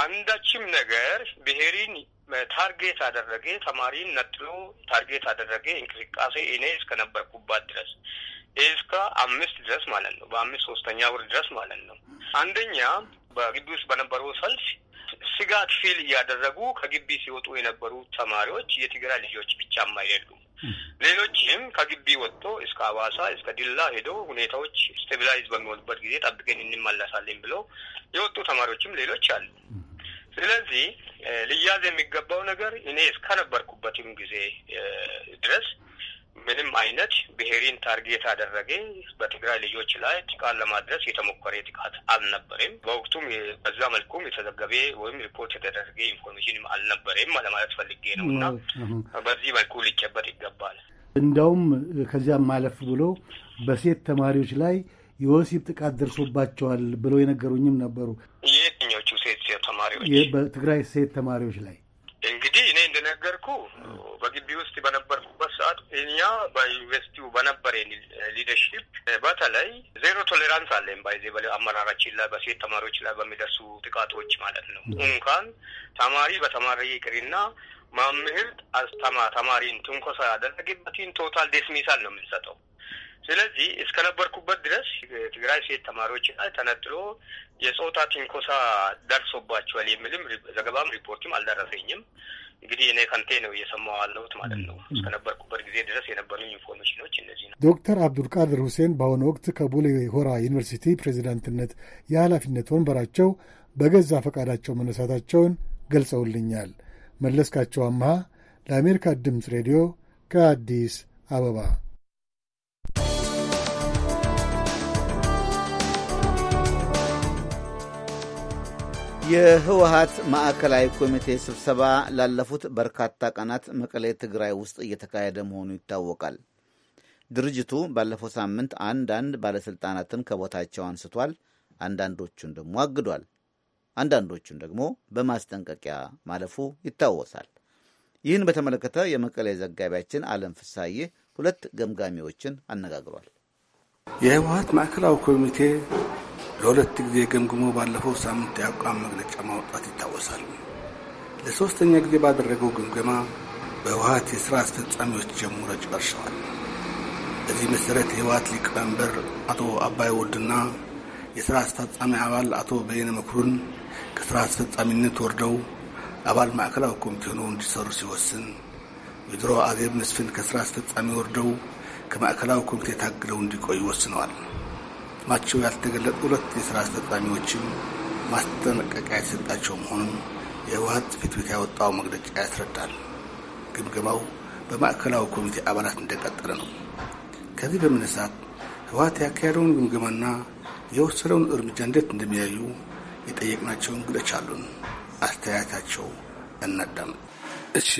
[SPEAKER 12] አንዳችም ነገር ብሔሪን ታርጌት አደረገ፣ ተማሪን ነጥሎ ታርጌት አደረገ እንቅስቃሴ እኔ እስከነበርኩባት ድረስ ይህ እስከ አምስት ድረስ ማለት ነው። በአምስት ሶስተኛ ወር ድረስ ማለት ነው። አንደኛ በግቢ ውስጥ በነበረው ሰልፍ ስጋት ፊል እያደረጉ ከግቢ ሲወጡ የነበሩ ተማሪዎች የትግራይ ልጆች ብቻም አይደሉም። ሌሎችም ከግቢ ወጥቶ እስከ አዋሳ እስከ ዲላ ሄዶ ሁኔታዎች ስቴቢላይዝ በሚሆኑበት ጊዜ ጠብቀን እንመለሳለን ብለው የወጡ ተማሪዎችም ሌሎች አሉ። ስለዚህ ልያዝ የሚገባው ነገር እኔ እስከነበርኩበትም ጊዜ ድረስ ምንም አይነት ብሄሪን ታርጌት አደረገ በትግራይ ልጆች ላይ ጥቃት ለማድረስ የተሞከረ ጥቃት አልነበረም። በወቅቱም በዛ መልኩም የተዘገበ ወይም ሪፖርት የተደረገ ኢንፎርሜሽን አልነበረም ለማለት ፈልጌ
[SPEAKER 10] ነው እና በዚህ መልኩ
[SPEAKER 12] ሊጨበጥ ይገባል።
[SPEAKER 10] እንደውም ከዚያም ማለፍ ብሎ በሴት ተማሪዎች ላይ የወሲብ ጥቃት ደርሶባቸዋል ብለው የነገሩኝም ነበሩ።
[SPEAKER 13] የትኞቹ ሴት
[SPEAKER 10] ተማሪዎች? በትግራይ ሴት ተማሪዎች ላይ
[SPEAKER 12] እንደነገርኩ በግቢ ውስጥ በነበርኩበት ሰዓት እኛ በዩኒቨርሲቲው በነበረ ሊደርሽፕ በተለይ ዜሮ ቶሌራንስ አለን ባይዜ አመራራችን ላይ በሴት ተማሪዎች ላይ በሚደርሱ ጥቃቶች ማለት ነው። እንኳን ተማሪ በተማሪ ይቅርና መምህር አስተማ ተማሪን ትንኮሳ ያደረግበትን ቶታል ዴስሚሳል ነው የምንሰጠው። ስለዚህ እስከነበርኩበት ድረስ ትግራይ ሴት ተማሪዎች ላይ ተነጥሎ የጾታ ትንኮሳ ደርሶባቸዋል የሚልም ዘገባም ሪፖርትም አልደረሰኝም። እንግዲህ እኔ ከንቴ ነው እየሰማሁ ያለሁት ማለት ነው። እስከነበርኩበት ጊዜ ድረስ የነበሩኝ ኢንፎርሜሽኖች
[SPEAKER 10] እነዚህ ነው። ዶክተር አብዱልቃድር ሁሴን በአሁኑ ወቅት ከቡሌ ሆራ ዩኒቨርሲቲ ፕሬዚዳንትነት የኃላፊነት ወንበራቸው በገዛ ፈቃዳቸው መነሳታቸውን ገልጸውልኛል። መለስካቸው አምሃ ለአሜሪካ ድምፅ ሬዲዮ ከአዲስ አበባ
[SPEAKER 2] የህወሀት ማዕከላዊ ኮሚቴ ስብሰባ ላለፉት በርካታ ቀናት መቀሌ ትግራይ ውስጥ እየተካሄደ መሆኑ ይታወቃል። ድርጅቱ ባለፈው ሳምንት አንዳንድ ባለሥልጣናትን ከቦታቸው አንስቷል፣ አንዳንዶቹን ደግሞ አግዷል፣ አንዳንዶቹን ደግሞ በማስጠንቀቂያ ማለፉ ይታወሳል። ይህን በተመለከተ የመቀሌ ዘጋቢያችን አለም ፍሳዬ ሁለት ገምጋሚዎችን አነጋግሯል።
[SPEAKER 14] የህወሀት ማዕከላዊ ኮሚቴ
[SPEAKER 2] ለሁለት ጊዜ ገምግሞ ባለፈው ሳምንት የአቋም መግለጫ ማውጣት ይታወሳል። ለሶስተኛ
[SPEAKER 14] ጊዜ ባደረገው ግምገማ በህወሀት የስራ አስፈጻሚዎች ጀምሮ ረጭ በዚህ መሰረት የህወሀት ሊቀመንበር አቶ አባይ ወልድና የስራ አስፈጻሚ አባል አቶ በየነ መኩሩን ከስራ አስፈጻሚነት ወርደው አባል ማዕከላዊ ኮሚቴ ሆነው እንዲሰሩ ሲወስን ወይዘሮ አዜብ መስፍን ከስራ አስፈጻሚ ወርደው ከማዕከላዊ ኮሚቴ ታግደው እንዲቆዩ ወስነዋል። ስማቸው ያልተገለጡ ሁለት የስራ አስፈጻሚዎችም ማስጠንቀቂያ የተሰጣቸው መሆኑን የህወሀት ጽሕፈት ቤት ያወጣው መግለጫ ያስረዳል። ግምገማው በማዕከላዊ ኮሚቴ አባላት እንደቀጠለ ነው። ከዚህ በመነሳት ህወሀት ያካሄደውን ግምገማና የወሰደውን እርምጃ እንዴት እንደሚያዩ የጠየቅናቸው እንግዶች አሉን። አስተያየታቸው እናዳምጥ። እሺ፣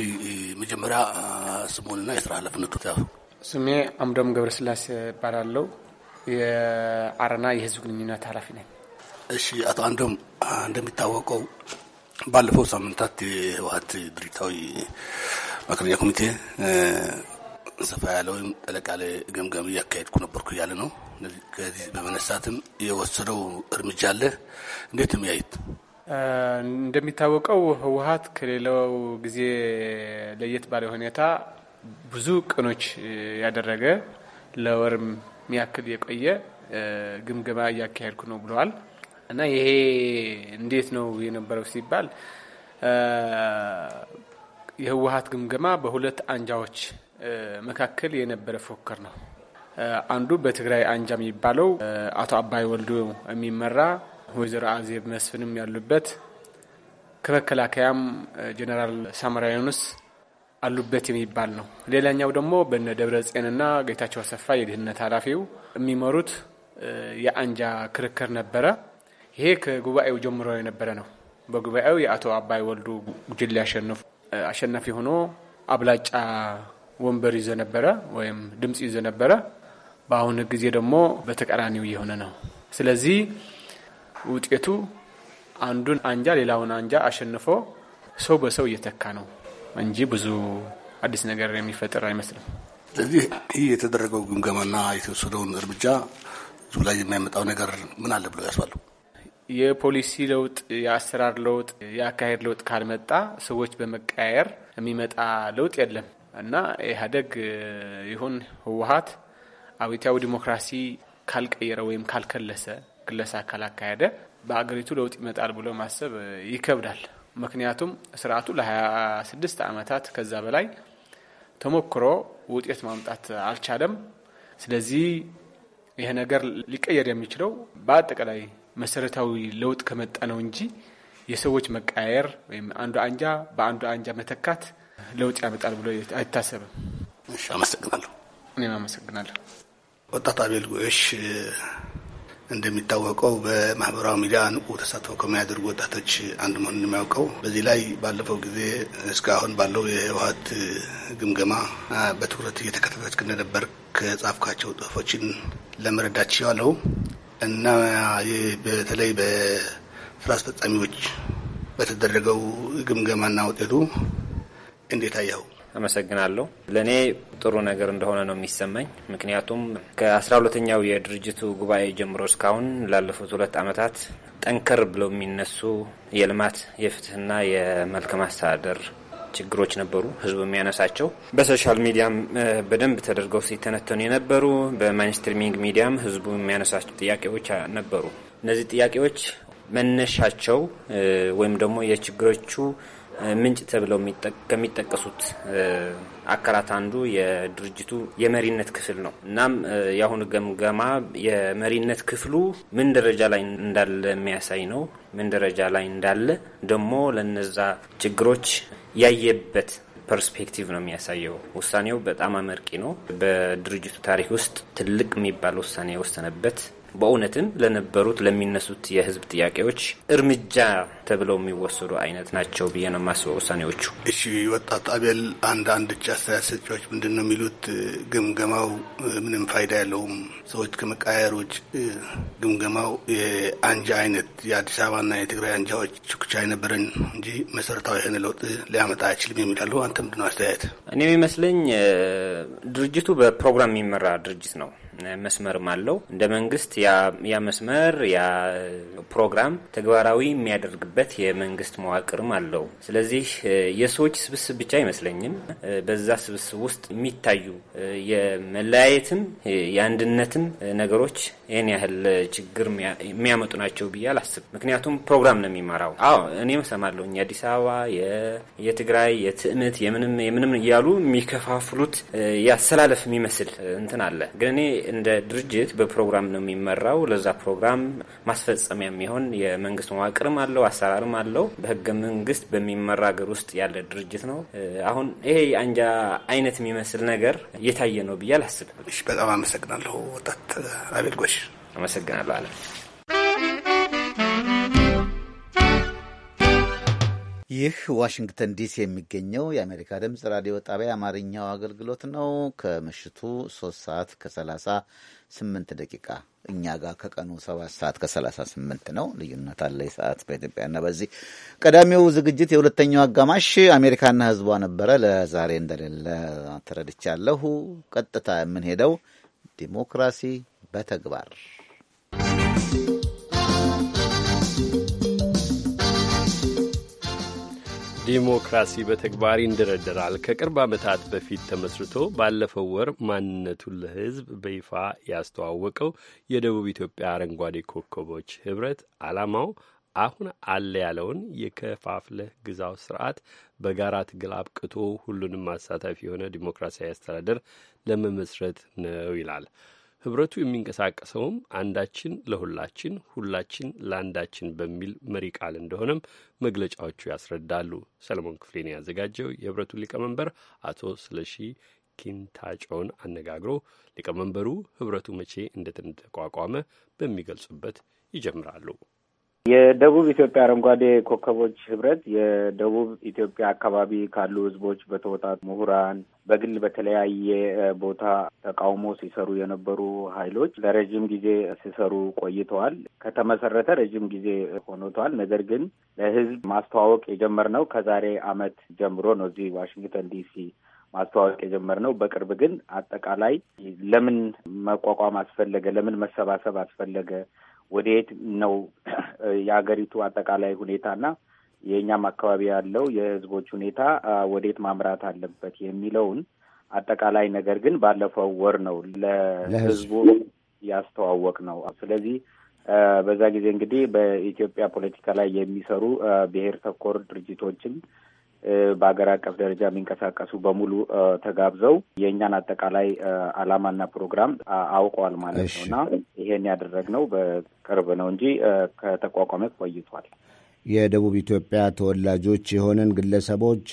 [SPEAKER 14] መጀመሪያ ስሙንና የስራ ኃላፊነቱ
[SPEAKER 5] ስሜ አምዶም ገብረስላሴ እባላለሁ። የአረና የህዝብ ግንኙነት ኃላፊ ነኝ።
[SPEAKER 14] እሺ አቶ አንዶም እንደሚታወቀው ባለፈው ሳምንታት የህወሀት ድርጅታዊ ማክረኛ ኮሚቴ ሰፋ ያለ ወይም ጠለቅ ያለ ገምገም እያካሄድኩ ነበርኩ እያለ ነው። ከዚህ በመነሳትም የወሰደው
[SPEAKER 5] እርምጃ አለ እንዴት የሚያዩት? እንደሚታወቀው ህወሀት ከሌላው ጊዜ ለየት ባለ ሁኔታ ብዙ ቀኖች ያደረገ ለወርም የሚያክል የቆየ ግምገማ እያካሄድኩ ነው ብለዋል። እና ይሄ እንዴት ነው የነበረው ሲባል የህወሀት ግምገማ በሁለት አንጃዎች መካከል የነበረ ፉክክር ነው። አንዱ በትግራይ አንጃ የሚባለው አቶ አባይ ወልዶ የሚመራ ወይዘሮ አዜብ መስፍንም ያሉበት ከመከላከያም ጀኔራል ሳሞራ ዩኑስ አሉበት የሚባል ነው። ሌላኛው ደግሞ በነ ደብረ ጽዮንና ጌታቸው አሰፋ የድህነት ኃላፊው የሚመሩት የአንጃ ክርክር ነበረ። ይሄ ከጉባኤው ጀምሮ የነበረ ነው። በጉባኤው የአቶ አባይ ወልዱ ጉጅሌ አሸናፊ ሆኖ አብላጫ ወንበር ይዞ ነበረ ወይም ድምፅ ይዞ ነበረ። በአሁኑ ጊዜ ደግሞ በተቃራኒው እየሆነ ነው። ስለዚህ ውጤቱ አንዱን አንጃ ሌላውን አንጃ አሸንፎ ሰው በሰው እየተካ ነው። እንጂ ብዙ አዲስ ነገር የሚፈጠር አይመስልም። ስለዚህ ይህ
[SPEAKER 14] የተደረገው ግምገማና የተወሰደውን እርምጃ ህዝቡ ላይ የሚያመጣው ነገር ምን አለ ብለው ያስባሉ?
[SPEAKER 5] የፖሊሲ ለውጥ፣ የአሰራር ለውጥ፣ የአካሄድ ለውጥ ካልመጣ ሰዎች በመቀያየር የሚመጣ ለውጥ የለም እና ኢህአዴግ ይሁን ህወሀት አብዮታዊ ዲሞክራሲ ካልቀየረ ወይም ካልከለሰ ክለሳ ካላካሄደ በአገሪቱ ለውጥ ይመጣል ብሎ ማሰብ ይከብዳል። ምክንያቱም ስርዓቱ ለ26 ዓመታት ከዛ በላይ ተሞክሮ ውጤት ማምጣት አልቻለም። ስለዚህ ይሄ ነገር ሊቀየር የሚችለው በአጠቃላይ መሰረታዊ ለውጥ ከመጣ ነው እንጂ የሰዎች መቃየር ወይም አንዱ አንጃ በአንዱ አንጃ መተካት ለውጥ ያመጣል ብሎ አይታሰብም። አመሰግናለሁ። እኔም
[SPEAKER 14] አመሰግናለሁ። ወጣት አቤል ጎሽ እንደሚታወቀው በማህበራዊ ሚዲያ ንቁ ተሳትፎ ከሚያደርጉ ወጣቶች አንዱ መሆኑን የሚያውቀው በዚህ ላይ ባለፈው ጊዜ እስካሁን ባለው የህወሀት ግምገማ በትኩረት እየተከታተልክ እንደነበር ከጻፍካቸው ጽሁፎችን ለመረዳት ችያለው እና
[SPEAKER 15] በተለይ በስራ አስፈጻሚዎች በተደረገው ግምገማና ውጤቱ እንዴት አየኸው? አመሰግናለሁ። ለእኔ ጥሩ ነገር እንደሆነ ነው የሚሰማኝ። ምክንያቱም ከአስራ ሁለተኛው የድርጅቱ ጉባኤ ጀምሮ እስካሁን ላለፉት ሁለት ዓመታት ጠንከር ብለው የሚነሱ የልማት የፍትህና የመልካም አስተዳደር ችግሮች ነበሩ። ህዝቡ የሚያነሳቸው በሶሻል ሚዲያም በደንብ ተደርገው ሲተነተኑ የነበሩ በማይንስትሪሚንግ ሚዲያም ህዝቡ የሚያነሳቸው ጥያቄዎች ነበሩ። እነዚህ ጥያቄዎች መነሻቸው ወይም ደግሞ የችግሮቹ ምንጭ ተብለው ከሚጠቀሱት አካላት አንዱ የድርጅቱ የመሪነት ክፍል ነው። እናም የአሁኑ ገምገማ የመሪነት ክፍሉ ምን ደረጃ ላይ እንዳለ የሚያሳይ ነው። ምን ደረጃ ላይ እንዳለ ደግሞ ለነዛ ችግሮች ያየበት ፐርስፔክቲቭ ነው የሚያሳየው። ውሳኔው በጣም አመርቂ ነው። በድርጅቱ ታሪክ ውስጥ ትልቅ የሚባል ውሳኔ የወሰነበት በእውነትም ለነበሩት ለሚነሱት የህዝብ ጥያቄዎች እርምጃ ተብለው የሚወሰዱ አይነት ናቸው ብዬ ነው የማስበው ውሳኔዎቹ።
[SPEAKER 14] እሺ፣ ወጣት አቤል፣ አንድ አንድ እጩ አስተያየት ሰጪዎች ምንድን ነው የሚሉት? ግምገማው ምንም ፋይዳ ያለውም ሰዎች ከመቃየር ውጭ ግምገማው የአንጃ አይነት የአዲስ አበባና የትግራይ አንጃዎች ችኩቻ አይነበረን እንጂ መሰረታዊ የሆነ ለውጥ ሊያመጣ አይችልም የሚላሉ አንተ ምንድን ነው አስተያየት?
[SPEAKER 15] እኔ የሚመስለኝ ድርጅቱ በፕሮግራም የሚመራ ድርጅት ነው። መስመርም አለው። እንደ መንግስት ያ መስመር ያ ፕሮግራም ተግባራዊ የሚያደርግበት የመንግስት መዋቅርም አለው። ስለዚህ የሰዎች ስብስብ ብቻ አይመስለኝም። በዛ ስብስብ ውስጥ የሚታዩ የመለያየትም የአንድነትም ነገሮች ይህን ያህል ችግር የሚያመጡ ናቸው ብዬ አላስብም። ምክንያቱም ፕሮግራም ነው የሚመራው። አዎ እኔም እሰማለሁ የአዲስ አበባ የትግራይ የትዕምት የምንም የምንም እያሉ የሚከፋፍሉት ያሰላለፍ የሚመስል እንትን አለ። ግን እኔ እንደ ድርጅት በፕሮግራም ነው የሚመራው። ለዛ ፕሮግራም ማስፈጸሚያ የሚሆን የመንግስት መዋቅርም አለው፣ አሰራርም አለው። በህገ መንግስት በሚመራ ሀገር ውስጥ ያለ ድርጅት ነው። አሁን ይሄ የአንጃ አይነት የሚመስል ነገር እየታየ ነው ብዬ አላስብም። በጣም አመሰግናለሁ ወጣት አቤል ጎሽ። አመሰግናለሁ አለም።
[SPEAKER 2] ይህ ዋሽንግተን ዲሲ የሚገኘው የአሜሪካ ድምፅ ራዲዮ ጣቢያ የአማርኛው አገልግሎት ነው። ከምሽቱ 3 ሰዓት ከ38 ደቂቃ እኛ ጋር ከቀኑ 7 ሰዓት ከ38 ነው። ልዩነት አለ የሰዓት በኢትዮጵያና በዚህ። ቀዳሚው ዝግጅት የሁለተኛው አጋማሽ አሜሪካና ሕዝቧ ነበረ። ለዛሬ እንደሌለ ተረድቻለሁ። ቀጥታ የምንሄደው ዲሞክራሲ በተግባር
[SPEAKER 1] ዲሞክራሲ በተግባር ይንደረደራል ከቅርብ ዓመታት በፊት ተመስርቶ ባለፈው ወር ማንነቱን ለሕዝብ በይፋ ያስተዋወቀው የደቡብ ኢትዮጵያ አረንጓዴ ኮከቦች ኅብረት ዓላማው አሁን አለ ያለውን የከፋፍለህ ግዛው ስርዓት በጋራ ትግል አብቅቶ ሁሉንም አሳታፊ የሆነ ዲሞክራሲያዊ አስተዳደር ለመመስረት ነው ይላል። ህብረቱ የሚንቀሳቀሰውም አንዳችን ለሁላችን ሁላችን ለአንዳችን በሚል መሪ ቃል እንደሆነም መግለጫዎቹ ያስረዳሉ። ሰለሞን ክፍሌን ያዘጋጀው የህብረቱን ሊቀመንበር አቶ ስለሺ ኪንታጮን አነጋግሮ ሊቀመንበሩ ህብረቱ መቼ እንደተቋቋመ በሚገልጹበት ይጀምራሉ።
[SPEAKER 16] የደቡብ ኢትዮጵያ አረንጓዴ ኮከቦች ህብረት የደቡብ ኢትዮጵያ አካባቢ ካሉ ህዝቦች በተወጣጡ ምሁራን፣ በግል በተለያየ ቦታ ተቃውሞ ሲሰሩ የነበሩ ኃይሎች ለረዥም ጊዜ ሲሰሩ ቆይተዋል። ከተመሰረተ ረዥም ጊዜ ሆኖተዋል። ነገር ግን ለህዝብ ማስተዋወቅ የጀመርነው ከዛሬ አመት ጀምሮ ነው እዚህ ዋሽንግተን ዲሲ ማስተዋወቅ የጀመርነው በቅርብ ግን አጠቃላይ ለምን መቋቋም አስፈለገ? ለምን መሰባሰብ አስፈለገ? ወደየት ነው የሀገሪቱ አጠቃላይ ሁኔታና የእኛም አካባቢ ያለው የህዝቦች ሁኔታ ወዴት ማምራት አለበት የሚለውን አጠቃላይ ነገር ግን ባለፈው ወር ነው ለህዝቡ ያስተዋወቅ ነው። ስለዚህ በዛ ጊዜ እንግዲህ በኢትዮጵያ ፖለቲካ ላይ የሚሰሩ ብሔር ተኮር ድርጅቶችን በሀገር አቀፍ ደረጃ የሚንቀሳቀሱ በሙሉ ተጋብዘው የእኛን አጠቃላይ ዓላማና ፕሮግራም አውቀዋል ማለት ነው እና ይሄን ያደረግነው በቅርብ ነው እንጂ ከተቋቋመ ቆይቷል።
[SPEAKER 7] የደቡብ ኢትዮጵያ ተወላጆች የሆነን ግለሰቦች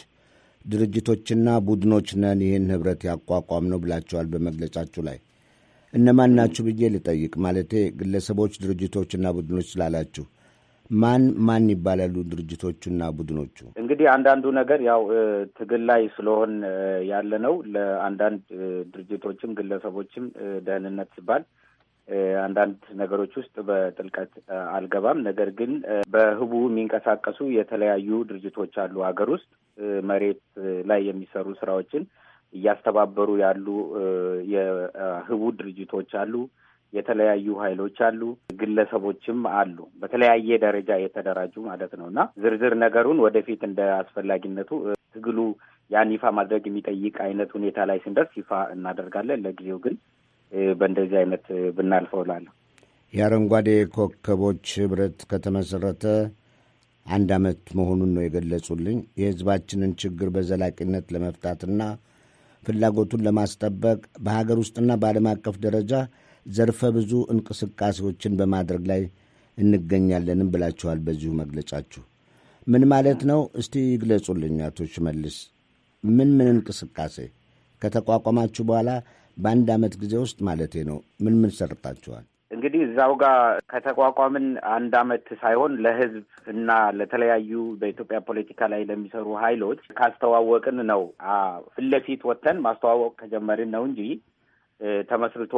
[SPEAKER 7] ድርጅቶችና ቡድኖች ነን ይህን ህብረት ያቋቋም ነው ብላቸዋል በመግለጫችሁ ላይ እነማን ናችሁ ብዬ ልጠይቅ። ማለቴ ግለሰቦች ድርጅቶችና ቡድኖች ስላላችሁ ማን ማን ይባላሉ ድርጅቶቹና ቡድኖቹ?
[SPEAKER 16] እንግዲህ አንዳንዱ ነገር ያው ትግል ላይ ስለሆን ያለ ነው። ለአንዳንድ ድርጅቶችም ግለሰቦችም ደህንነት ሲባል አንዳንድ ነገሮች ውስጥ በጥልቀት አልገባም። ነገር ግን በህቡ የሚንቀሳቀሱ የተለያዩ ድርጅቶች አሉ። ሀገር ውስጥ መሬት ላይ የሚሰሩ ስራዎችን እያስተባበሩ ያሉ የህቡ ድርጅቶች አሉ። የተለያዩ ኃይሎች አሉ፣ ግለሰቦችም አሉ፣ በተለያየ ደረጃ የተደራጁ ማለት ነው እና ዝርዝር ነገሩን ወደፊት እንደ አስፈላጊነቱ ትግሉ ያን ይፋ ማድረግ የሚጠይቅ አይነት ሁኔታ ላይ ስንደርስ ይፋ እናደርጋለን። ለጊዜው ግን በእንደዚህ አይነት ብናልፈው እላለሁ።
[SPEAKER 7] የአረንጓዴ ኮከቦች ህብረት ከተመሰረተ አንድ ዓመት መሆኑን ነው የገለጹልኝ። የህዝባችንን ችግር በዘላቂነት ለመፍታትና ፍላጎቱን ለማስጠበቅ በሀገር ውስጥና በዓለም አቀፍ ደረጃ ዘርፈ ብዙ እንቅስቃሴዎችን በማድረግ ላይ እንገኛለንም ብላችኋል በዚሁ መግለጫችሁ። ምን ማለት ነው? እስቲ ይግለጹልኝ አቶ ሽመልስ። ምን ምን እንቅስቃሴ ከተቋቋማችሁ በኋላ በአንድ ዓመት ጊዜ ውስጥ ማለቴ ነው ምን ምን ሰርጣችኋል?
[SPEAKER 16] እንግዲህ እዛው ጋር ከተቋቋምን አንድ ዓመት ሳይሆን ለሕዝብ እና ለተለያዩ በኢትዮጵያ ፖለቲካ ላይ ለሚሰሩ ኃይሎች ካስተዋወቅን ነው ፊት ለፊት ወጥተን ማስተዋወቅ ከጀመርን ነው እንጂ ተመስርቶ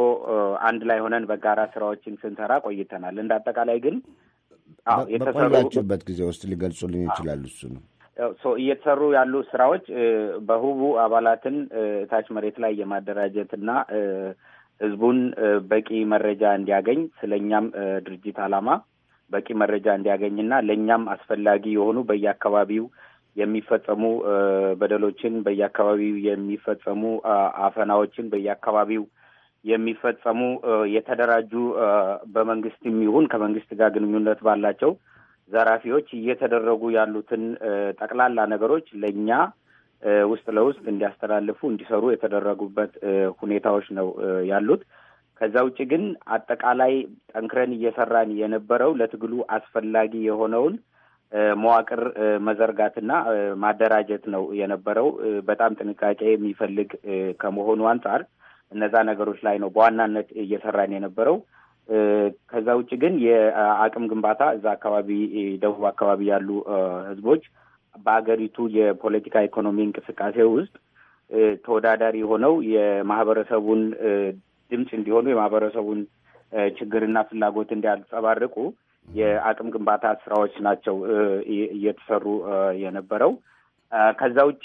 [SPEAKER 16] አንድ ላይ ሆነን በጋራ ስራዎችን ስንሰራ ቆይተናል። እንደ አጠቃላይ ግን በቆያችሁበት
[SPEAKER 7] ጊዜ ውስጥ ሊገልጹልኝ ይችላሉ? እሱ ነው
[SPEAKER 16] እየተሰሩ ያሉ ስራዎች በህቡ አባላትን ታች መሬት ላይ የማደራጀትና ህዝቡን በቂ መረጃ እንዲያገኝ ስለኛም ድርጅት አላማ በቂ መረጃ እንዲያገኝና ለእኛም አስፈላጊ የሆኑ በየአካባቢው የሚፈጸሙ በደሎችን፣ በየአካባቢው የሚፈጸሙ አፈናዎችን፣ በየአካባቢው የሚፈጸሙ የተደራጁ በመንግስት ይሁን ከመንግስት ጋር ግንኙነት ባላቸው ዘራፊዎች እየተደረጉ ያሉትን ጠቅላላ ነገሮች ለእኛ ውስጥ ለውስጥ እንዲያስተላልፉ እንዲሰሩ የተደረጉበት ሁኔታዎች ነው ያሉት። ከዛ ውጭ ግን አጠቃላይ ጠንክረን እየሰራን የነበረው ለትግሉ አስፈላጊ የሆነውን መዋቅር መዘርጋትና ማደራጀት ነው የነበረው። በጣም ጥንቃቄ የሚፈልግ ከመሆኑ አንጻር እነዛ ነገሮች ላይ ነው በዋናነት እየሰራን የነበረው። ከዛ ውጭ ግን የአቅም ግንባታ እዛ አካባቢ ደቡብ አካባቢ ያሉ ህዝቦች በሀገሪቱ የፖለቲካ ኢኮኖሚ እንቅስቃሴ ውስጥ ተወዳዳሪ ሆነው የማህበረሰቡን ድምፅ እንዲሆኑ የማህበረሰቡን ችግርና ፍላጎት እንዲያንጸባርቁ የአቅም ግንባታ ስራዎች ናቸው እየተሰሩ የነበረው። ከዛ ውጪ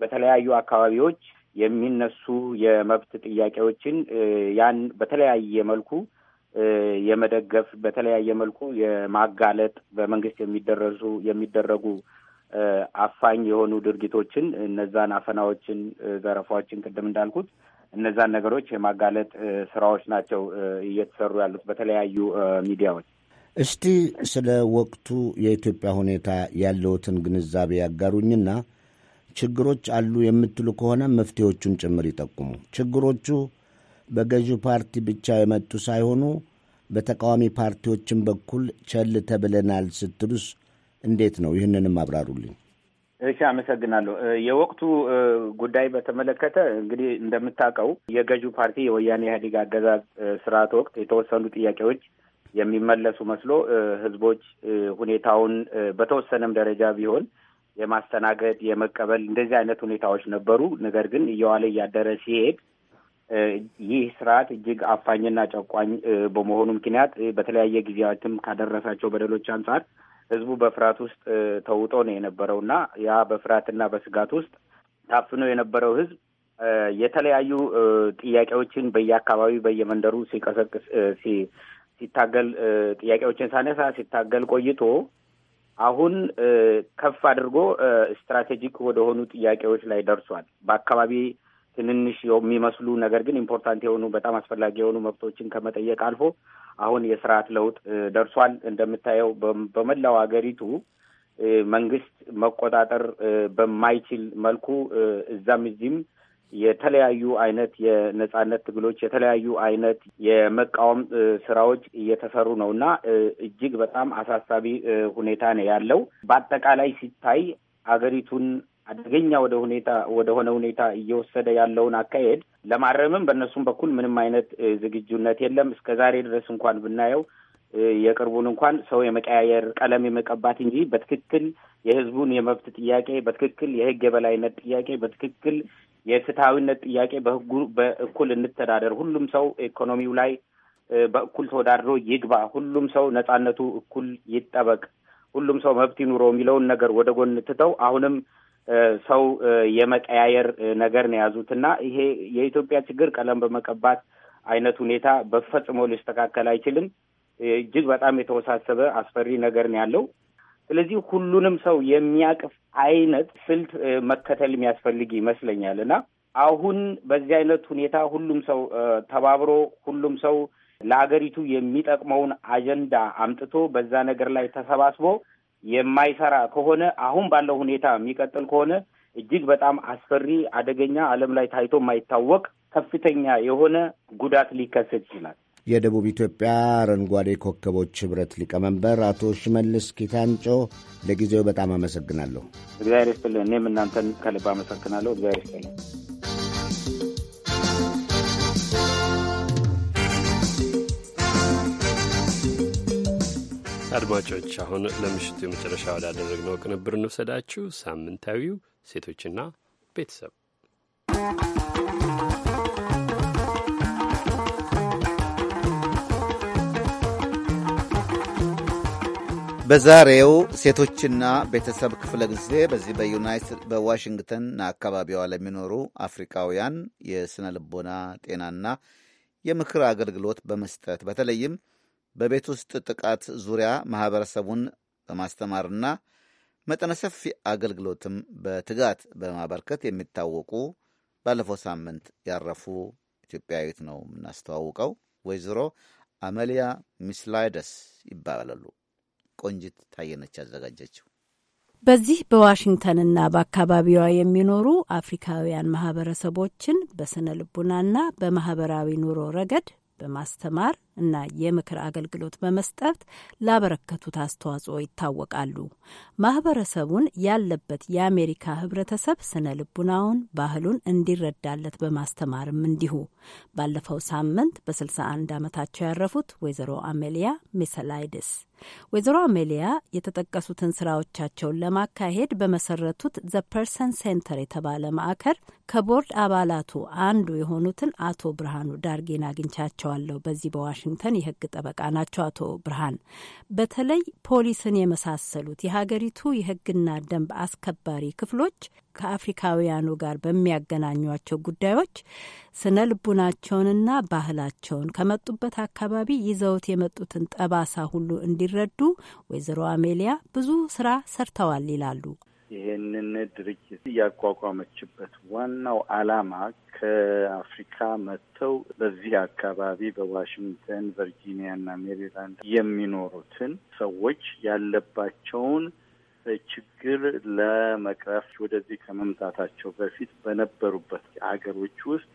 [SPEAKER 16] በተለያዩ አካባቢዎች የሚነሱ የመብት ጥያቄዎችን ያን በተለያየ መልኩ የመደገፍ በተለያየ መልኩ የማጋለጥ በመንግስት የሚደረሱ የሚደረጉ አፋኝ የሆኑ ድርጊቶችን እነዛን አፈናዎችን፣ ዘረፋዎችን ቅድም እንዳልኩት እነዛን ነገሮች የማጋለጥ ስራዎች ናቸው እየተሰሩ ያሉት በተለያዩ ሚዲያዎች።
[SPEAKER 7] እስቲ ስለ ወቅቱ የኢትዮጵያ ሁኔታ ያለውትን ግንዛቤ ያጋሩኝና ችግሮች አሉ የምትሉ ከሆነ መፍትሄዎቹን ጭምር ይጠቁሙ። ችግሮቹ በገዢው ፓርቲ ብቻ የመጡ ሳይሆኑ በተቃዋሚ ፓርቲዎችን በኩል ቸል ተብለናል ስትሉስ እንዴት ነው? ይህንንም አብራሩልኝ።
[SPEAKER 16] እሺ፣ አመሰግናለሁ። የወቅቱ ጉዳይ በተመለከተ እንግዲህ እንደምታውቀው የገዢው ፓርቲ የወያኔ ኢህአዴግ አገዛዝ ስርዓት ወቅት የተወሰኑ ጥያቄዎች የሚመለሱ መስሎ ህዝቦች ሁኔታውን በተወሰነም ደረጃ ቢሆን የማስተናገድ የመቀበል እንደዚህ አይነት ሁኔታዎች ነበሩ። ነገር ግን እየዋለ እያደረ ሲሄድ ይህ ስርዓት እጅግ አፋኝና ጨቋኝ በመሆኑ ምክንያት በተለያየ ጊዜያትም ካደረሳቸው በደሎች አንጻር ህዝቡ በፍርሃት ውስጥ ተውጦ ነው የነበረውና ያ በፍርሃትና በስጋት ውስጥ ታፍኖ የነበረው ህዝብ የተለያዩ ጥያቄዎችን በየአካባቢው በየመንደሩ ሲቀሰቅስ ሲታገል ጥያቄዎችን ሳነሳ ሲታገል ቆይቶ አሁን ከፍ አድርጎ ስትራቴጂክ ወደሆኑ ጥያቄዎች ላይ ደርሷል። በአካባቢ ትንንሽ የሚመስሉ ነገር ግን ኢምፖርታንት የሆኑ በጣም አስፈላጊ የሆኑ መብቶችን ከመጠየቅ አልፎ አሁን የስርዓት ለውጥ ደርሷል። እንደምታየው በመላው ሀገሪቱ መንግስት መቆጣጠር በማይችል መልኩ እዛም እዚህም የተለያዩ አይነት የነጻነት ትግሎች የተለያዩ አይነት የመቃወም ስራዎች እየተሰሩ ነው እና እጅግ በጣም አሳሳቢ ሁኔታ ነው ያለው። በአጠቃላይ ሲታይ አገሪቱን አደገኛ ወደ ሁኔታ ወደሆነ ሁኔታ እየወሰደ ያለውን አካሄድ ለማረምም በእነሱም በኩል ምንም አይነት ዝግጁነት የለም። እስከ ዛሬ ድረስ እንኳን ብናየው የቅርቡን እንኳን ሰው የመቀያየር ቀለም የመቀባት እንጂ በትክክል የህዝቡን የመብት ጥያቄ በትክክል የህግ የበላይነት ጥያቄ በትክክል የፍትሐዊነት ጥያቄ በህጉ በእኩል እንተዳደር፣ ሁሉም ሰው ኢኮኖሚው ላይ በእኩል ተወዳድሮ ይግባ፣ ሁሉም ሰው ነጻነቱ እኩል ይጠበቅ፣ ሁሉም ሰው መብት ይኑረው የሚለውን ነገር ወደ ጎን ትተው አሁንም ሰው የመቀያየር ነገር ነው የያዙት እና ይሄ የኢትዮጵያ ችግር ቀለም በመቀባት አይነት ሁኔታ በፈጽሞ ሊስተካከል አይችልም። እጅግ በጣም የተወሳሰበ አስፈሪ ነገር ነው ያለው። ስለዚህ ሁሉንም ሰው የሚያቅፍ አይነት ስልት መከተል የሚያስፈልግ ይመስለኛል እና አሁን በዚህ አይነት ሁኔታ ሁሉም ሰው ተባብሮ ሁሉም ሰው ለሀገሪቱ የሚጠቅመውን አጀንዳ አምጥቶ በዛ ነገር ላይ ተሰባስቦ የማይሰራ ከሆነ አሁን ባለው ሁኔታ የሚቀጥል ከሆነ እጅግ በጣም አስፈሪ፣ አደገኛ፣ ዓለም ላይ ታይቶ የማይታወቅ ከፍተኛ የሆነ ጉዳት ሊከሰት ይችላል።
[SPEAKER 7] የደቡብ ኢትዮጵያ አረንጓዴ ኮከቦች ኅብረት ሊቀመንበር አቶ ሽመልስ ኪታንጮ ለጊዜው በጣም አመሰግናለሁ።
[SPEAKER 16] እግዚአብሔር ይስጥልን። እኔም እናንተን ከልብ አመሰግናለሁ። እግዚአብሔር ይስጥልን።
[SPEAKER 1] አድማጮች አሁን ለምሽቱ የመጨረሻ ወዳደረግነው ቅንብር እንውሰዳችሁ። ሳምንታዊው ሴቶችና ቤተሰብ
[SPEAKER 2] በዛሬው ሴቶችና ቤተሰብ ክፍለ ጊዜ በዚህ በዩናይትድ በዋሽንግተንና አካባቢዋ ለሚኖሩ አፍሪካውያን የሥነ ልቦና ጤናና የምክር አገልግሎት በመስጠት በተለይም በቤት ውስጥ ጥቃት ዙሪያ ማህበረሰቡን በማስተማርና መጠነ ሰፊ አገልግሎትም በትጋት በማበርከት የሚታወቁ ባለፈው ሳምንት ያረፉ ኢትዮጵያዊት ነው የምናስተዋውቀው። ወይዘሮ አመሊያ ሚስላይደስ ይባላሉ። ቆንጂት ታየነች ያዘጋጀችው።
[SPEAKER 17] በዚህ በዋሽንግተንና በአካባቢዋ የሚኖሩ አፍሪካውያን ማህበረሰቦችን በስነ ልቡናና በማህበራዊ ኑሮ ረገድ በማስተማር እና የምክር አገልግሎት በመስጠት ላበረከቱት አስተዋጽኦ ይታወቃሉ። ማህበረሰቡን ያለበት የአሜሪካ ህብረተሰብ ስነ ልቡናውን፣ ባህሉን እንዲረዳለት በማስተማርም እንዲሁ። ባለፈው ሳምንት በ61 ዓመታቸው ያረፉት ወይዘሮ አሜሊያ ሜሰላይድስ ወይዘሮ አሜሊያ የተጠቀሱትን ስራዎቻቸውን ለማካሄድ በመሰረቱት ዘ ፐርሰን ሴንተር የተባለ ማዕከል ከቦርድ አባላቱ አንዱ የሆኑትን አቶ ብርሃኑ ዳርጌን አግኝቻቸዋለሁ በዚህ በዋሽ የዋሽንግተን የህግ ጠበቃ ናቸው። አቶ ብርሃን በተለይ ፖሊስን የመሳሰሉት የሀገሪቱ የህግና ደንብ አስከባሪ ክፍሎች ከአፍሪካውያኑ ጋር በሚያገናኟቸው ጉዳዮች ስነ ልቡናቸውንና ባህላቸውን ከመጡበት አካባቢ ይዘውት የመጡትን ጠባሳ ሁሉ እንዲረዱ ወይዘሮ አሜሊያ ብዙ ስራ ሰርተዋል ይላሉ።
[SPEAKER 13] ይህንን ድርጅት እያቋቋመችበት ዋናው ዓላማ ከአፍሪካ መጥተው በዚህ አካባቢ በዋሽንግተን፣ ቨርጂኒያ እና ሜሪላንድ የሚኖሩትን ሰዎች ያለባቸውን ችግር ለመቅረፍ ወደዚህ ከመምጣታቸው በፊት በነበሩበት አገሮች ውስጥ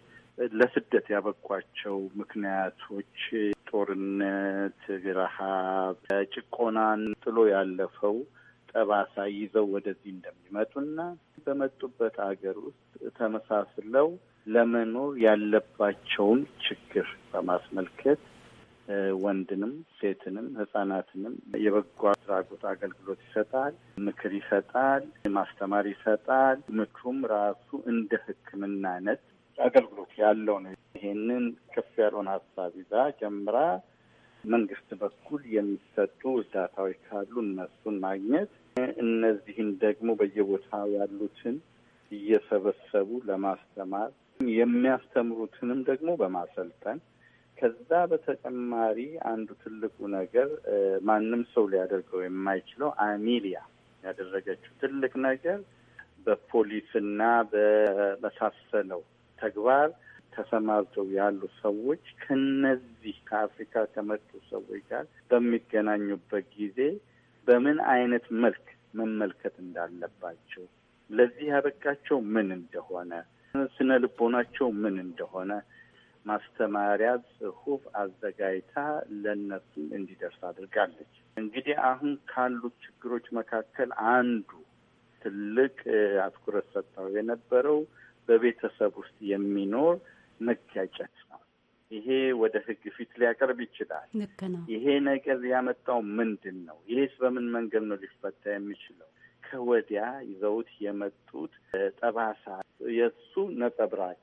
[SPEAKER 13] ለስደት ያበቋቸው ምክንያቶች ጦርነት፣ ረሃብ፣ ጭቆናን ጥሎ ያለፈው ጠባሳ ይዘው ወደዚህ እንደሚመጡና በመጡበት ሀገር ውስጥ ተመሳስለው ለመኖር ያለባቸውን ችግር በማስመልከት ወንድንም ሴትንም ህጻናትንም የበጎ አድራጎት አገልግሎት ይሰጣል፣ ምክር ይሰጣል፣ ማስተማር ይሰጣል። ምክሩም ራሱ እንደ ህክምና አይነት አገልግሎት ያለው ነው። ይሄንን ከፍ ያለውን ሀሳብ ይዛ ጀምራ መንግስት በኩል የሚሰጡ እርዳታዎች ካሉ እነሱን ማግኘት
[SPEAKER 8] እነዚህን
[SPEAKER 13] ደግሞ በየቦታው ያሉትን እየሰበሰቡ ለማስተማር የሚያስተምሩትንም ደግሞ በማሰልጠን ከዛ በተጨማሪ አንዱ ትልቁ ነገር ማንም ሰው ሊያደርገው የማይችለው አሚሊያ ያደረገችው ትልቅ ነገር በፖሊስና በመሳሰለው ተግባር ተሰማርተው ያሉ ሰዎች ከነዚህ ከአፍሪካ ከመጡ ሰዎች ጋር በሚገናኙበት ጊዜ በምን አይነት መልክ መመልከት እንዳለባቸው ለዚህ ያበቃቸው ምን እንደሆነ ስነ ልቦናቸው ምን እንደሆነ ማስተማሪያ ጽሑፍ አዘጋጅታ ለእነሱ እንዲደርስ አድርጋለች። እንግዲህ አሁን ካሉት ችግሮች መካከል አንዱ ትልቅ አትኩረት ሰጥተው የነበረው በቤተሰብ ውስጥ የሚኖር መጋጨት ነው። ይሄ ወደ ህግ ፊት ሊያቀርብ ይችላል። ይሄ ነገር ያመጣው ምንድን ነው? ይሄስ በምን መንገድ ነው ሊፈታ የሚችለው? ከወዲያ ይዘውት የመጡት ጠባሳ የእሱ ነጸብራቅ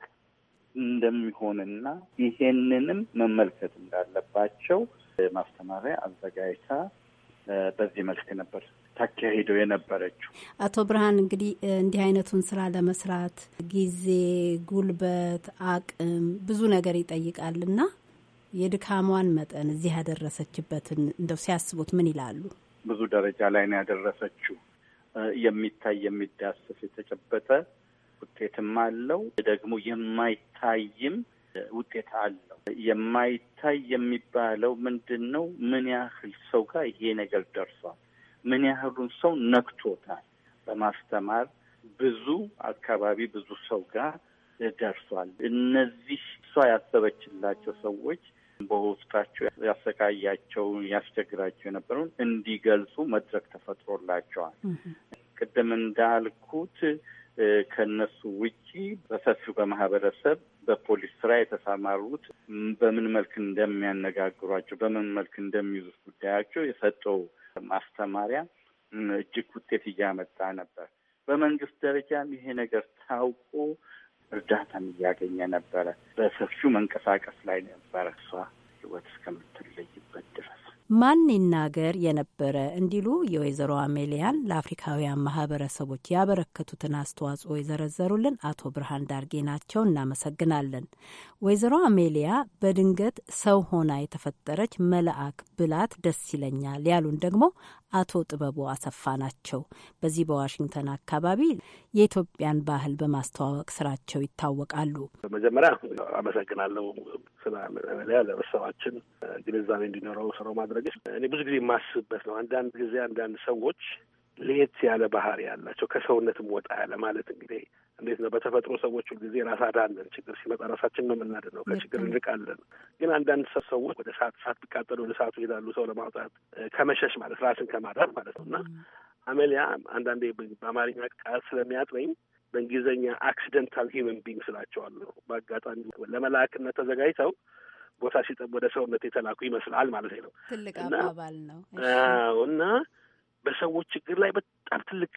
[SPEAKER 13] እንደሚሆንና ይሄንንም መመልከት እንዳለባቸው ማስተማሪያ አዘጋጅታ በዚህ መልክ ነበር ታካሂደው የነበረችው።
[SPEAKER 17] አቶ ብርሃን እንግዲህ እንዲህ አይነቱን ስራ ለመስራት ጊዜ፣ ጉልበት፣ አቅም ብዙ ነገር ይጠይቃል እና የድካሟን መጠን እዚህ ያደረሰችበትን እንደው ሲያስቡት ምን ይላሉ?
[SPEAKER 13] ብዙ ደረጃ ላይ ነው ያደረሰችው። የሚታይ የሚዳስስ የተጨበጠ ውጤትም አለው። ደግሞ የማይታይም ውጤት አለው። የማይታይ የሚባለው ምንድን ነው? ምን ያህል ሰው ጋር ይሄ ነገር ደርሷል? ምን ያህሉን ሰው ነክቶታል በማስተማር ብዙ አካባቢ ብዙ ሰው ጋር ደርሷል። እነዚህ እሷ ያሰበችላቸው ሰዎች በውስጣቸው ያሰቃያቸው ያስቸግራቸው የነበረውን እንዲገልጹ መድረክ ተፈጥሮላቸዋል። ቅድም እንዳልኩት ከነሱ ውጪ በሰፊው በማህበረሰብ በፖሊስ ስራ የተሰማሩት በምን መልክ እንደሚያነጋግሯቸው፣ በምን መልክ እንደሚይዙት ጉዳያቸው የሰጠው ማስተማሪያ እጅግ ውጤት እያመጣ ነበር። በመንግስት ደረጃም ይሄ ነገር ታውቆ እርዳታም እያገኘ ነበረ። በሰፊው መንቀሳቀስ ላይ ነበረ እሷ ህይወት እስከምትለይበት ድረስ
[SPEAKER 17] ማን ይናገር የነበረ እንዲሉ የወይዘሮ አሜሊያን ለአፍሪካውያን ማህበረሰቦች ያበረከቱትን አስተዋጽኦ የዘረዘሩልን አቶ ብርሃን ዳርጌ ናቸው። እናመሰግናለን። ወይዘሮ አሜሊያ በድንገት ሰው ሆና የተፈጠረች መልአክ ብላት ደስ ይለኛል ያሉን ደግሞ አቶ ጥበቡ አሰፋ ናቸው። በዚህ በዋሽንግተን አካባቢ የኢትዮጵያን ባህል በማስተዋወቅ ስራቸው ይታወቃሉ።
[SPEAKER 18] በመጀመሪያ አመሰግናለሁ ስለ መለያ ለመሰባችን ግንዛቤ እንዲኖረው ስራው ማድረግ እኔ ብዙ ጊዜ የማስብበት ነው። አንዳንድ ጊዜ አንዳንድ ሰዎች ለየት ያለ ባህሪ ያላቸው ከሰውነትም ወጣ ያለ ማለት እንግዲህ እንዴት ነው በተፈጥሮ ሰዎች ሁልጊዜ ራስ አዳለን። ችግር ሲመጣ ራሳችን ነው የምናድነው፣ ከችግር እንርቃለን። ግን አንዳንድ ሰዎች ወደ ሰዓት ሰዓት ቢቃጠሉ ወደ ሰዓቱ ይሄዳሉ፣ ሰው ለማውጣት ከመሸሽ ማለት ራስን ከማዳር ማለት ነው እና አሜሊያ አንዳንዴ በአማርኛ ቃል ስለሚያጥረኝ በእንግሊዝኛ አክሲደንታል ሂውመን ቢንግ ስላቸዋለሁ። በአጋጣሚ ለመላክነት ተዘጋጅተው ቦታ ሲጠብ ወደ ሰውነት የተላኩ ይመስላል ማለት ነው።
[SPEAKER 17] ትልቅ አባባል ነው
[SPEAKER 18] እና በሰዎች ችግር ላይ በጣም ትልቅ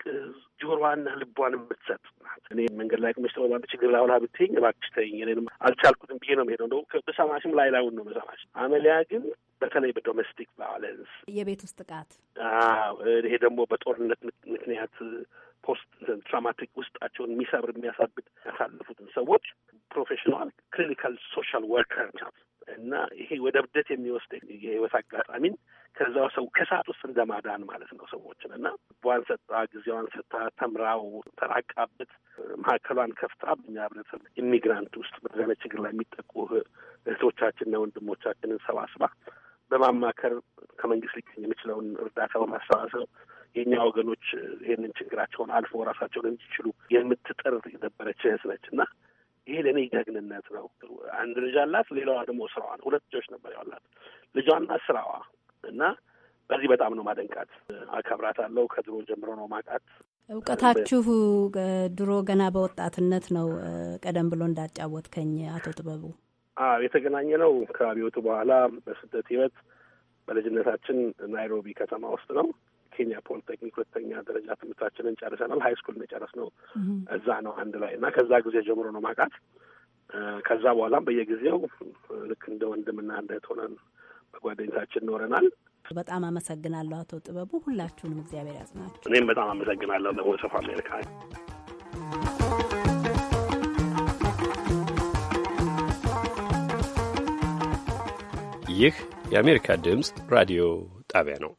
[SPEAKER 18] ጆሮዋና ልቧን የምትሰጥ ናት። እኔ መንገድ ላይ ቁመሽ ተባባል ችግር ላይ ሆና ብትይኝ እባክሽ ተይኝ እኔንም አልቻልኩትም ብዬ ነው የምሄደው። እንደው በሰማሽም ላይ ላዩን ነው በሰማሽ። አመሊያ ግን በተለይ በዶሜስቲክ ቫዮለንስ
[SPEAKER 17] የቤት ውስጥ ጥቃት፣
[SPEAKER 18] አዎ ይሄ ደግሞ በጦርነት ምክንያት ፖስት ትራማቲክ ውስጣቸውን የሚሰብር የሚያሳብድ ያሳለፉትን ሰዎች ፕሮፌሽናል ክሊኒካል ሶሻል ወርከር ናት እና ይሄ ወደ እብደት የሚወስድ የህይወት አጋጣሚን ከዛው ሰው ከሳት ውስጥ እንደማዳን ማለት ነው ሰዎችን እና ቦዋን ሰጣ ጊዜዋን ሰጣ ተምራው ተራቃበት ማዕከሏን ከፍታ በኛ ህብረተሰብ ኢሚግራንት ውስጥ በዛነ ችግር ላይ የሚጠቁ እህቶቻችንና ወንድሞቻችንን ሰባስባ በማማከር ከመንግስት ሊገኝ የሚችለውን እርዳታ በማሰባሰብ የእኛ ወገኖች ይህንን ችግራቸውን አልፎ ራሳቸውን እንዲችሉ የምትጠር የነበረች እህት ነች እና ይሄ ለእኔ ጀግንነት ነው። አንድ ልጅ አላት፣ ሌላዋ ደግሞ ስራዋ ነው። ሁለት ልጆች ነበር ያላት ልጇና ስራዋ እና በዚህ በጣም ነው ማደንቃት። አከብራታለሁ። ከድሮ ጀምሮ ነው ማቃት።
[SPEAKER 17] እውቀታችሁ ድሮ ገና በወጣትነት ነው። ቀደም ብሎ እንዳጫወትከኝ አቶ ጥበቡ
[SPEAKER 18] የተገናኘ ነው ከአብዮቱ በኋላ በስደት ህይወት በልጅነታችን ናይሮቢ ከተማ ውስጥ ነው ኬንያ ፖሊቴክኒክ ሁለተኛ ደረጃ ትምህርታችንን ጨርሰናል። ሀይ ስኩል የጨረስ ነው እዛ ነው አንድ ላይ እና ከዛ ጊዜ ጀምሮ ነው ማቃት። ከዛ በኋላም በየጊዜው ልክ እንደ ወንድምና እንደ እህት ሆነን ጓደኝታችን ኖረናል።
[SPEAKER 17] በጣም አመሰግናለሁ አቶ ጥበቡ። ሁላችሁንም እግዚአብሔር ያጽናችሁ።
[SPEAKER 18] እኔም በጣም አመሰግናለሁ ለሞሰፋ አሜሪካ
[SPEAKER 1] ይህ የአሜሪካ ድምፅ ራዲዮ ጣቢያ ነው።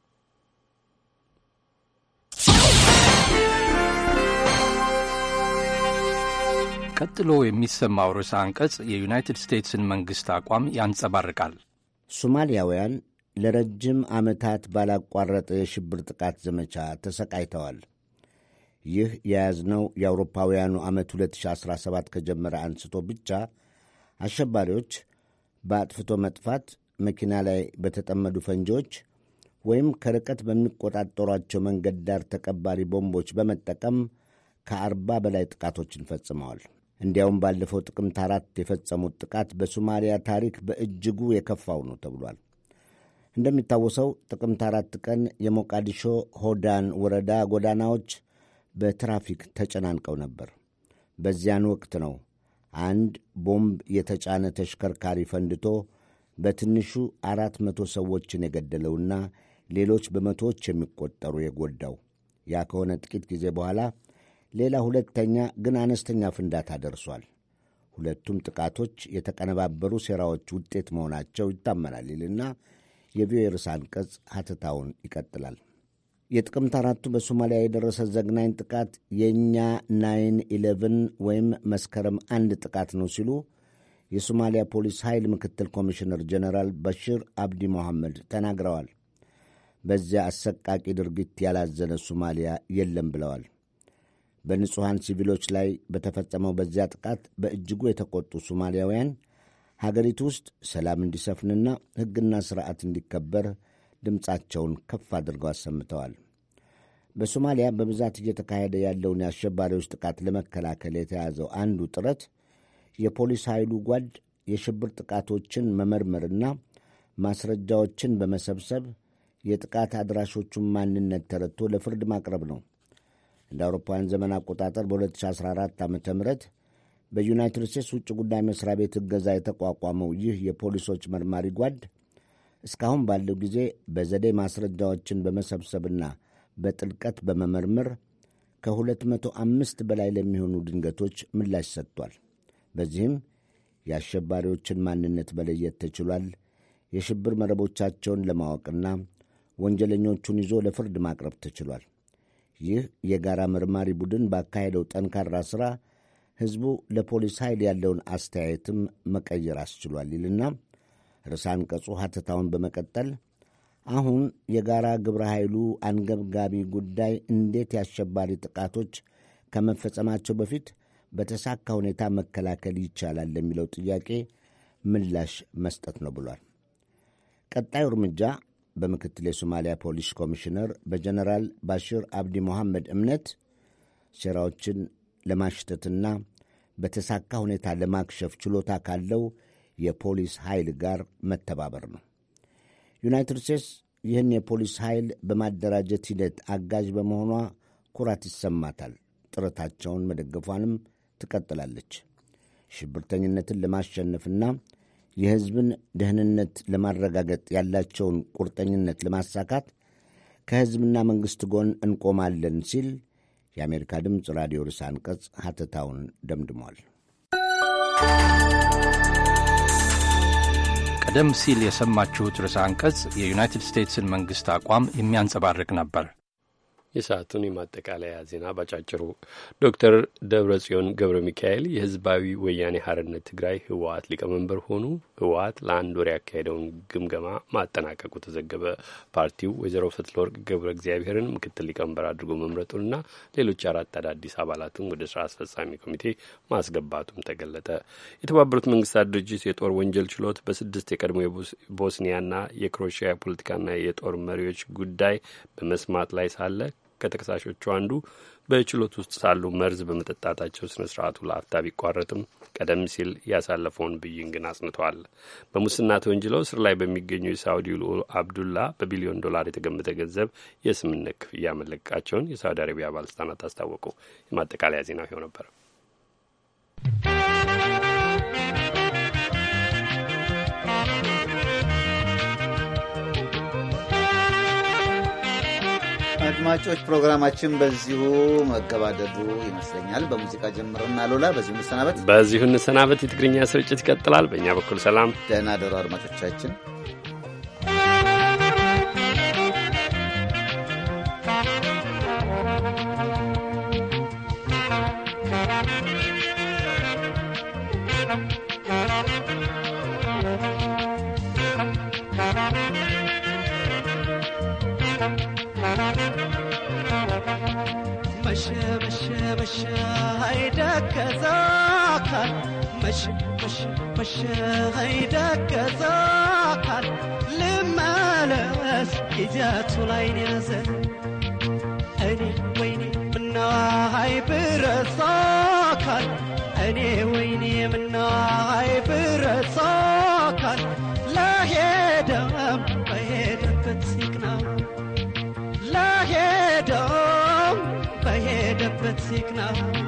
[SPEAKER 1] ቀጥሎ የሚሰማው ርዕሰ አንቀጽ የዩናይትድ ስቴትስን መንግሥት አቋም
[SPEAKER 16] ያንጸባርቃል።
[SPEAKER 7] ሶማሊያውያን ለረጅም ዓመታት ባላቋረጠ የሽብር ጥቃት ዘመቻ ተሰቃይተዋል። ይህ የያዝነው የአውሮፓውያኑ ዓመት 2017 ከጀመረ አንስቶ ብቻ አሸባሪዎች በአጥፍቶ መጥፋት መኪና ላይ በተጠመዱ ፈንጂዎች ወይም ከርቀት በሚቆጣጠሯቸው መንገድ ዳር ተቀባሪ ቦምቦች በመጠቀም ከአርባ በላይ ጥቃቶችን ፈጽመዋል። እንዲያውም ባለፈው ጥቅምት አራት የፈጸሙት ጥቃት በሶማሊያ ታሪክ በእጅጉ የከፋው ነው ተብሏል። እንደሚታወሰው ጥቅምት አራት ቀን የሞቃዲሾ ሆዳን ወረዳ ጎዳናዎች በትራፊክ ተጨናንቀው ነበር። በዚያን ወቅት ነው አንድ ቦምብ የተጫነ ተሽከርካሪ ፈንድቶ በትንሹ አራት መቶ ሰዎችን የገደለውና ሌሎች በመቶዎች የሚቆጠሩ የጎዳው። ያ ከሆነ ጥቂት ጊዜ በኋላ ሌላ ሁለተኛ ግን አነስተኛ ፍንዳታ ደርሷል። ሁለቱም ጥቃቶች የተቀነባበሩ ሴራዎች ውጤት መሆናቸው ይታመናል ይልና የቪኦኤ ርዕሰ አንቀጽ ሐተታውን ይቀጥላል። የጥቅምት አራቱ በሶማሊያ የደረሰ ዘግናኝ ጥቃት የእኛ ናይን ኢሌቭን ወይም መስከረም አንድ ጥቃት ነው ሲሉ የሶማሊያ ፖሊስ ኃይል ምክትል ኮሚሽነር ጀነራል በሽር አብዲ መሐመድ ተናግረዋል። በዚያ አሰቃቂ ድርጊት ያላዘነ ሶማሊያ የለም ብለዋል። በንጹሐን ሲቪሎች ላይ በተፈጸመው በዚያ ጥቃት በእጅጉ የተቆጡ ሶማሊያውያን ሀገሪቱ ውስጥ ሰላም እንዲሰፍንና ሕግና ሥርዓት እንዲከበር ድምፃቸውን ከፍ አድርገው አሰምተዋል። በሶማሊያ በብዛት እየተካሄደ ያለውን የአሸባሪዎች ጥቃት ለመከላከል የተያዘው አንዱ ጥረት የፖሊስ ኃይሉ ጓድ የሽብር ጥቃቶችን መመርመርና ማስረጃዎችን በመሰብሰብ የጥቃት አድራሾቹን ማንነት ተረድቶ ለፍርድ ማቅረብ ነው። እንደ አውሮፓውያን ዘመን አቆጣጠር በ2014 ዓ ም በዩናይትድ ስቴትስ ውጭ ጉዳይ መስሪያ ቤት እገዛ የተቋቋመው ይህ የፖሊሶች መርማሪ ጓድ እስካሁን ባለው ጊዜ በዘዴ ማስረጃዎችን በመሰብሰብና በጥልቀት በመመርመር ከ205 በላይ ለሚሆኑ ድንገቶች ምላሽ ሰጥቷል። በዚህም የአሸባሪዎችን ማንነት መለየት ተችሏል። የሽብር መረቦቻቸውን ለማወቅና ወንጀለኞቹን ይዞ ለፍርድ ማቅረብ ተችሏል። ይህ የጋራ መርማሪ ቡድን ባካሄደው ጠንካራ ሥራ ሕዝቡ ለፖሊስ ኃይል ያለውን አስተያየትም መቀየር አስችሏል ይልና ርዕሰ አንቀጹ ሐተታውን በመቀጠል አሁን የጋራ ግብረ ኃይሉ አንገብጋቢ ጉዳይ እንዴት የአሸባሪ ጥቃቶች ከመፈጸማቸው በፊት በተሳካ ሁኔታ መከላከል ይቻላል ለሚለው ጥያቄ ምላሽ መስጠት ነው ብሏል። ቀጣዩ እርምጃ በምክትል የሶማሊያ ፖሊስ ኮሚሽነር በጀነራል ባሽር አብዲ ሞሐመድ እምነት ሴራዎችን ለማሽተትና በተሳካ ሁኔታ ለማክሸፍ ችሎታ ካለው የፖሊስ ኃይል ጋር መተባበር ነው። ዩናይትድ ስቴትስ ይህን የፖሊስ ኃይል በማደራጀት ሂደት አጋዥ በመሆኗ ኩራት ይሰማታል። ጥረታቸውን መደገፏንም ትቀጥላለች። ሽብርተኝነትን ለማሸነፍና የሕዝብን ደህንነት ለማረጋገጥ ያላቸውን ቁርጠኝነት ለማሳካት ከሕዝብና መንግሥት ጎን እንቆማለን ሲል የአሜሪካ ድምፅ ራዲዮ ርዕሰ አንቀጽ ሐተታውን ደምድሟል።
[SPEAKER 1] ቀደም ሲል የሰማችሁት ርዕሰ አንቀጽ የዩናይትድ ስቴትስን መንግሥት አቋም የሚያንጸባርቅ ነበር። የሰዓቱን የማጠቃለያ ዜና ባጫጭሩ ዶክተር ደብረ ጽዮን ገብረ ሚካኤል የህዝባዊ ወያኔ ሀርነት ትግራይ ህወሀት ሊቀመንበር ሆኑ። ህወሀት ለአንድ ወር ያካሄደውን ግምገማ ማጠናቀቁ ተዘገበ። ፓርቲው ወይዘሮ ፈትለወርቅ ገብረ እግዚአብሔርን ምክትል ሊቀመንበር አድርጎ መምረጡንና ሌሎች አራት አዳዲስ አባላትን ወደ ስራ አስፈጻሚ ኮሚቴ ማስገባቱም ተገለጠ። የተባበሩት መንግስታት ድርጅት የጦር ወንጀል ችሎት በስድስት የቀድሞ የቦስኒያና የክሮኤሽያ የፖለቲካና የጦር መሪዎች ጉዳይ በመስማት ላይ ሳለ ከተከሳሾቹ አንዱ በችሎት ውስጥ ሳሉ መርዝ በመጠጣታቸው ስነ ስርዓቱ ለአፍታ ቢቋረጥም ቀደም ሲል ያሳለፈውን ብይን ግን አጽንተዋል። በሙስና ተወንጅለው እስር ላይ በሚገኙ የሳውዲ ልዑል አብዱላ በቢሊዮን ዶላር የተገመተ ገንዘብ የስምነት ክፍያ መለቀቃቸውን የሳውዲ አረቢያ ባለስልጣናት አስታወቁ። የማጠቃለያ ዜናው ይኸው ነበር።
[SPEAKER 2] አድማጮች ፕሮግራማችን በዚሁ መገባደዱ ይመስለኛል። በሙዚቃ ጀምርና ሎላ በዚሁ እንሰናበት፣
[SPEAKER 1] በዚሁ እንሰናበት። የትግርኛ ስርጭት ይቀጥላል። በእኛ በኩል ሰላም፣ ደህና
[SPEAKER 2] ደሩ አድማጮቻችን። በሸኸይ ደገዛ
[SPEAKER 4] አካል ልመለስ ጊዜያቱ ላይን ያዘ እኔ ወይኔ ምናዋሃይ ብረሳ አካል እኔ ወይኔ ምናዋሃይ ብረሳ አካል ለሄደም
[SPEAKER 15] በሄደበት ሲቅናው
[SPEAKER 4] ለሄደም በሄደበት ሲቅናው